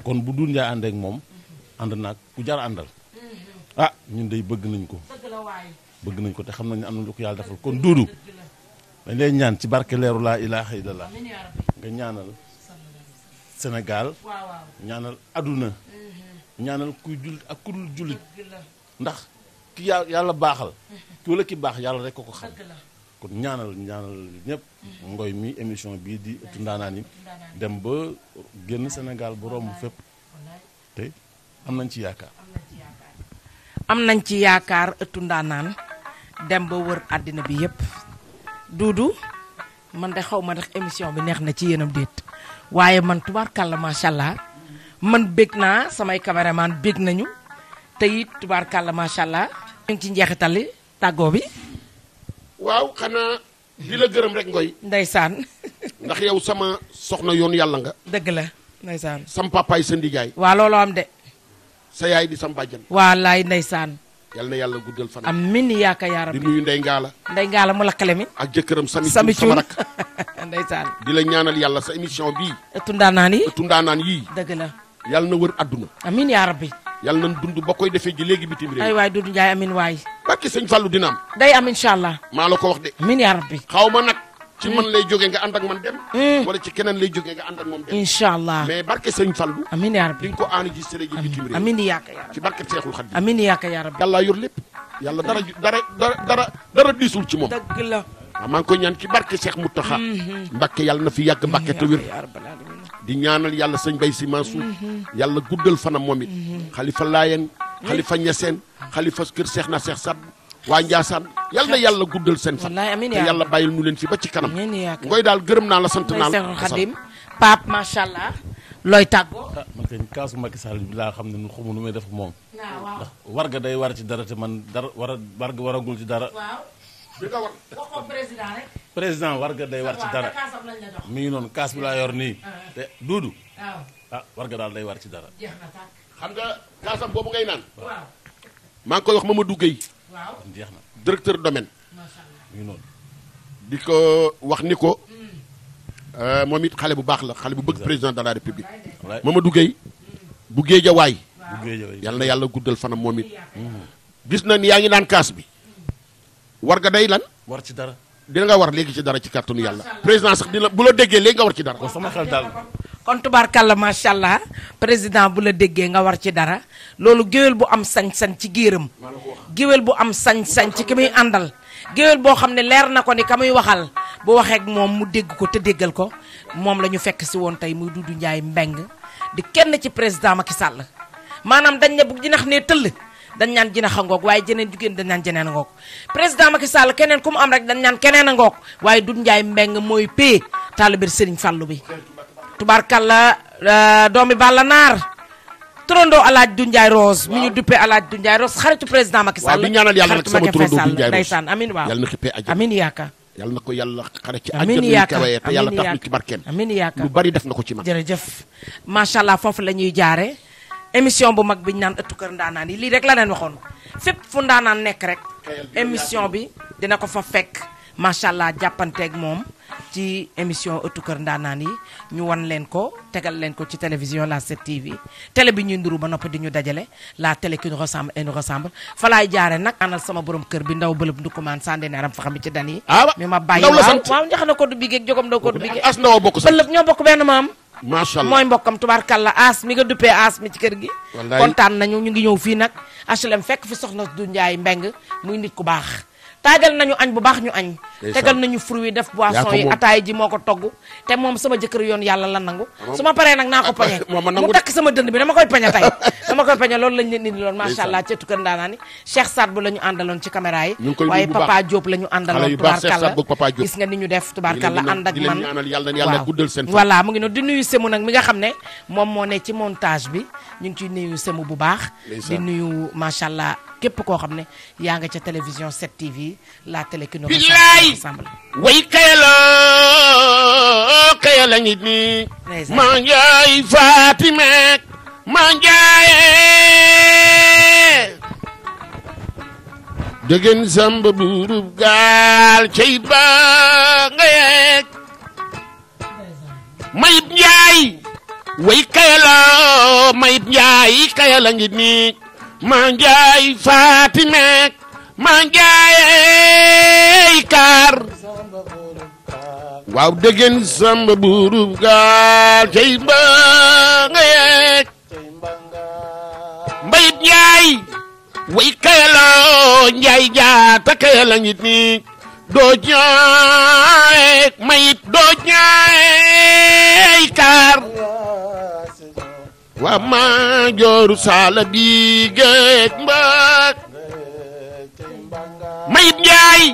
kon bu dun yaa ànd moom mm-hmm. ànd naag ku jar àndal mm-hmm. ah ñun day bëgg nañ ko bëgg nañ ko te xam nañ am na lu ko yàlla kon duudu dañ ñaan ci barke laa ilaaha illallah nga ñaanal Sénégal ñaanal mhm. ñaanal kuy jullit yàlla baaxal mhm. ki wala baax yàlla rek ko ko xam kon ñaanal mhm. mi émission bii di ëttu dem ba génn Sénégal ba romb fépp am nañ ci yaakaar am ndaanaan dem ba wër àddina bi yépp duudu man de xaw ma ndax émission bi neex na ci yéenam déet waaye man tubaar tubaarkàlla macha allah man bég naa samay caméraman bég nañu te it tubaarkàlla macha allah. ñu ngi ci njeexitali tàggoo bi. waaw xanaa di la gërëm rek ngoy. ndeysaan. ndax yow sama soxna yoon yàlla nga. dëgg la ndeysaan. sam papaay sa ndijaay. waa looloo am de. sa yaay di sam bàjjan. waalaay ndeysaan. yal na yàlla guddal fan. amiin yaaka yaa rabbi di nuyu Ndeye Ngalla. Ndeye Ngalla mu lakkale mi. ak jëkkëram Sami. Sami Thioune sama rakk ndeysaan. di la ñaanal yàlla sa émission bii. ëttu ndaanaan yi ëttu ndaanaan yii. dëgg la. yàlla na wër adduna. amiin yaa rabbi. yàlla nañ dund ba koy defee ji léegi bitim réew. ay waay Doudou Ndiaye amiin waay. barke sëñ Fallou dina am. day am incha allah. maa la ko wax de. amiin yaa bi xaw ma nag. ci man lay jógee nga ànd ak man dem. Eh. wala ci keneen lay jógee nga ànd ak moom dem. incha allah mais barke Sëñ Fallu. amiin ko enregistré ji bitim réew. amiin yaa ka yaa rabbi ci barke Seexul Xadim. amiin yaa ka yor lépp yàlla dara diisul ci moom. dëgg la. waaw ah, maa ngi koy ñaan ci barke Cheikh Mountakha. Mbacke mm-hmm. yàlla na fi yàgg Mbacke te wér. di ñaanal yàlla sëñ Bay Si Mansour. Mm-hmm. yàlla guddal fanam moom it. Mm-hmm. xalifa fa eh. xalifa Ñaseen. xalifa kër seex na Cheikh Sadd waa Ndiassane yal na yàlla guddal seen fan te yàlla bàyyil nu leen fi ba ci kanam ngoy daal gërëm naa la sant naa la xadim Pape macha allah looy tàggoo ah, man kañ kaasu Macky Sall bi laa xam ne nu xamu nu may def moom warga day war ci dara te man dara war a warga waragul ci dara bi war président day war ci dara mi ngi noonu kaas bi laa yor nii ah. te duudu ah daal day war ci dara nga kaasam boobu ngay naan maa koy wax Mamadou Gueye waaw jeex na directeur domaine. macha di ko wax ni ko. Euh, moom it xale bu baax la xale bu bëgg président de la république. wallaay Mamadou Gueye. bu Géejawaay. bu Géejawaay yal na yàlla guddal fanam moom it. Mm-hmm. gis na ni yaa ngi naan kaas bi. war ga dey lan. war ci dara. dina nga war léegi ci dara ci kàttanu yàlla. président sax dina bu la déggee léegi nga war ci dara. sama xel daal. kon tubaarkàlla macha allah président bu la déggee nga war ci dara loolu géwél bu am sañ-sañ ci giiram géwél bu am sañ-sañ ci ki muy àndal géwél boo xam ne leer na ko ni ka muy waxal bu waxeek moom mu dégg ko te déggal ko moom la ñu fekk si woon tey muy Doudou Ndiaye Mbengue di kenn ci président Macky sàll maanaam dañ ne bu jinax nee tëll dañ ñaan jinax a ngoog waaye jeneen jigéen dañ ñaan jeneen a ngoog président Macky Sall keneen ku mu am rek dañ ñaan keneen a waaye Doudou Ndiaye Mbengue mooy pee taalibir Serigne Fallou bi tubaarkàlla euh, doomi Balla Naar turandoo alaaj du Ndiaye Rose mi ñu duppee alaaj du Ndiaye Rose xaritu président Macky Sall di ñaanal yàlla nag sama turandoo du Ndiaye Rose amin waaw yàlla na xippee àjjana amin yaaka yàlla na ko yàlla xare ci àjjana yu kawee te yàlla tax ci barkeem lu bari def na ko ci man jërëjëf macha allah foofu la ñuy jaare émission bu mag bi ñu naan ëttu kër ndaanaan yi lii rek la leen waxoon fépp fu ndaanaan nekk rek émission bi dina ko fa fekk macha allah jàppanteeg moom ci émission ëttu kër ndaa ndaanaan yi ñu wan leen ko tegal leen ko ci télévision la 7TV télé bi ñuy nduru ba noppi di ñu dajale la télé qui nous ressemble et nous ressemble fa laay jaare nag anal sama borom kër bi ndaw bëlëb ndukumaan sande neeram fa xam ci dan yi ah, mi ma bàyyi waaw ñax na ko du bigeeg jogom ndaw ko du bigeeg as ndaw bokk sax bëlëb ñoo bokk benn maam macha allah mooy mbokkam tubaarkalla aas mi nga duppee aas mi ci kër gi kontaan nañu ñu ngi ñëw fii nag HLM fekk fi soxna du Njaay Mbeng muy nit ku baax taajal nañu añ bu baax ñu añ tegal nañu fruit yi def boisson yi ataay ji moo ko togg te moom sama jëkkër yoon yàlla la nangu su ma paree nag naa ko pañe mu takk sama dënd bi dama koy pañe tey dama koy pañe loolu lañ leen indi loon macha allah ci tukkan daanaa ni Cheikh Saad bu la ñu àndaloon ci caméra yi waaye Papa Diop la ñu àndaloon tubaarkàlla gis nga ni ñu def tubaarkàlla ànd ak man waaw mu ngi noonu di nuyu semu nag mi nga moo ne ci montage bi ñu ngi ciy nuyu bu baax di nuyu macha allah képp koo xam ne yaa nga ca télévision 7TV la télé qui nous rassemble. way kayaloo kayala nit ñi. maa njaay Fatima maa njaayee. dëgën samba buurub gaal cay ba nga yeeg. mayib njaay. way kayaloo mayib njaay kayala nit ñi. maa njaay Faatimeek maa njaay kaar waaw déggen samba buurub gaal cey mba nga yeeg mbayit njaay way kayala njaay jaata kayala ngit ni dooj ñaay mayit dooj ñaay kaar waaw maa jooru saala bi géej mbaag mayib njaay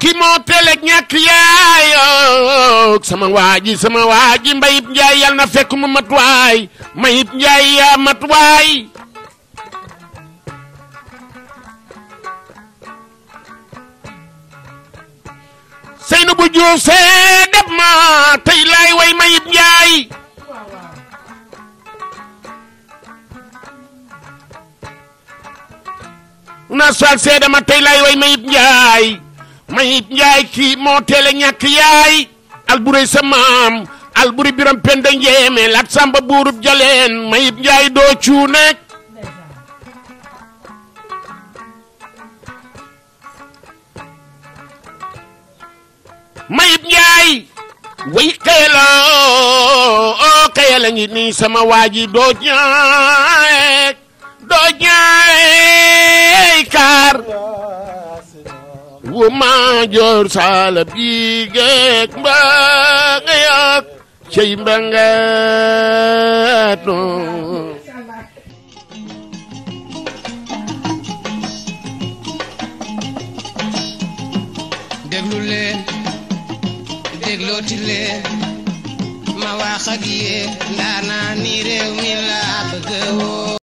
ki moo teleeg ñàkk yaayoog sama waaji sama waaji mbayib njaay yal na fekk mu matuwaay mayib njaay yaa matuwaay seyna bu juuf see deb ma tey laay way mayib njaay naa saal seedama tey laay way mayib njaay mayib njaay kii moo teele ñàkk yaay alburéy sa maam alburi biram penda njeeme samba buurub jaleen mayib njaay doo cuune mayib njaay way kayala oo kayala ngi nii sama waaji doo ñaay doo ñaay Béykar wu ma joor saalab yi geeg mbaa yaak cey mbangaat noon déglu leen déglooti leen ma wax ak yéen ndaanaan ni mi laa bëgg woo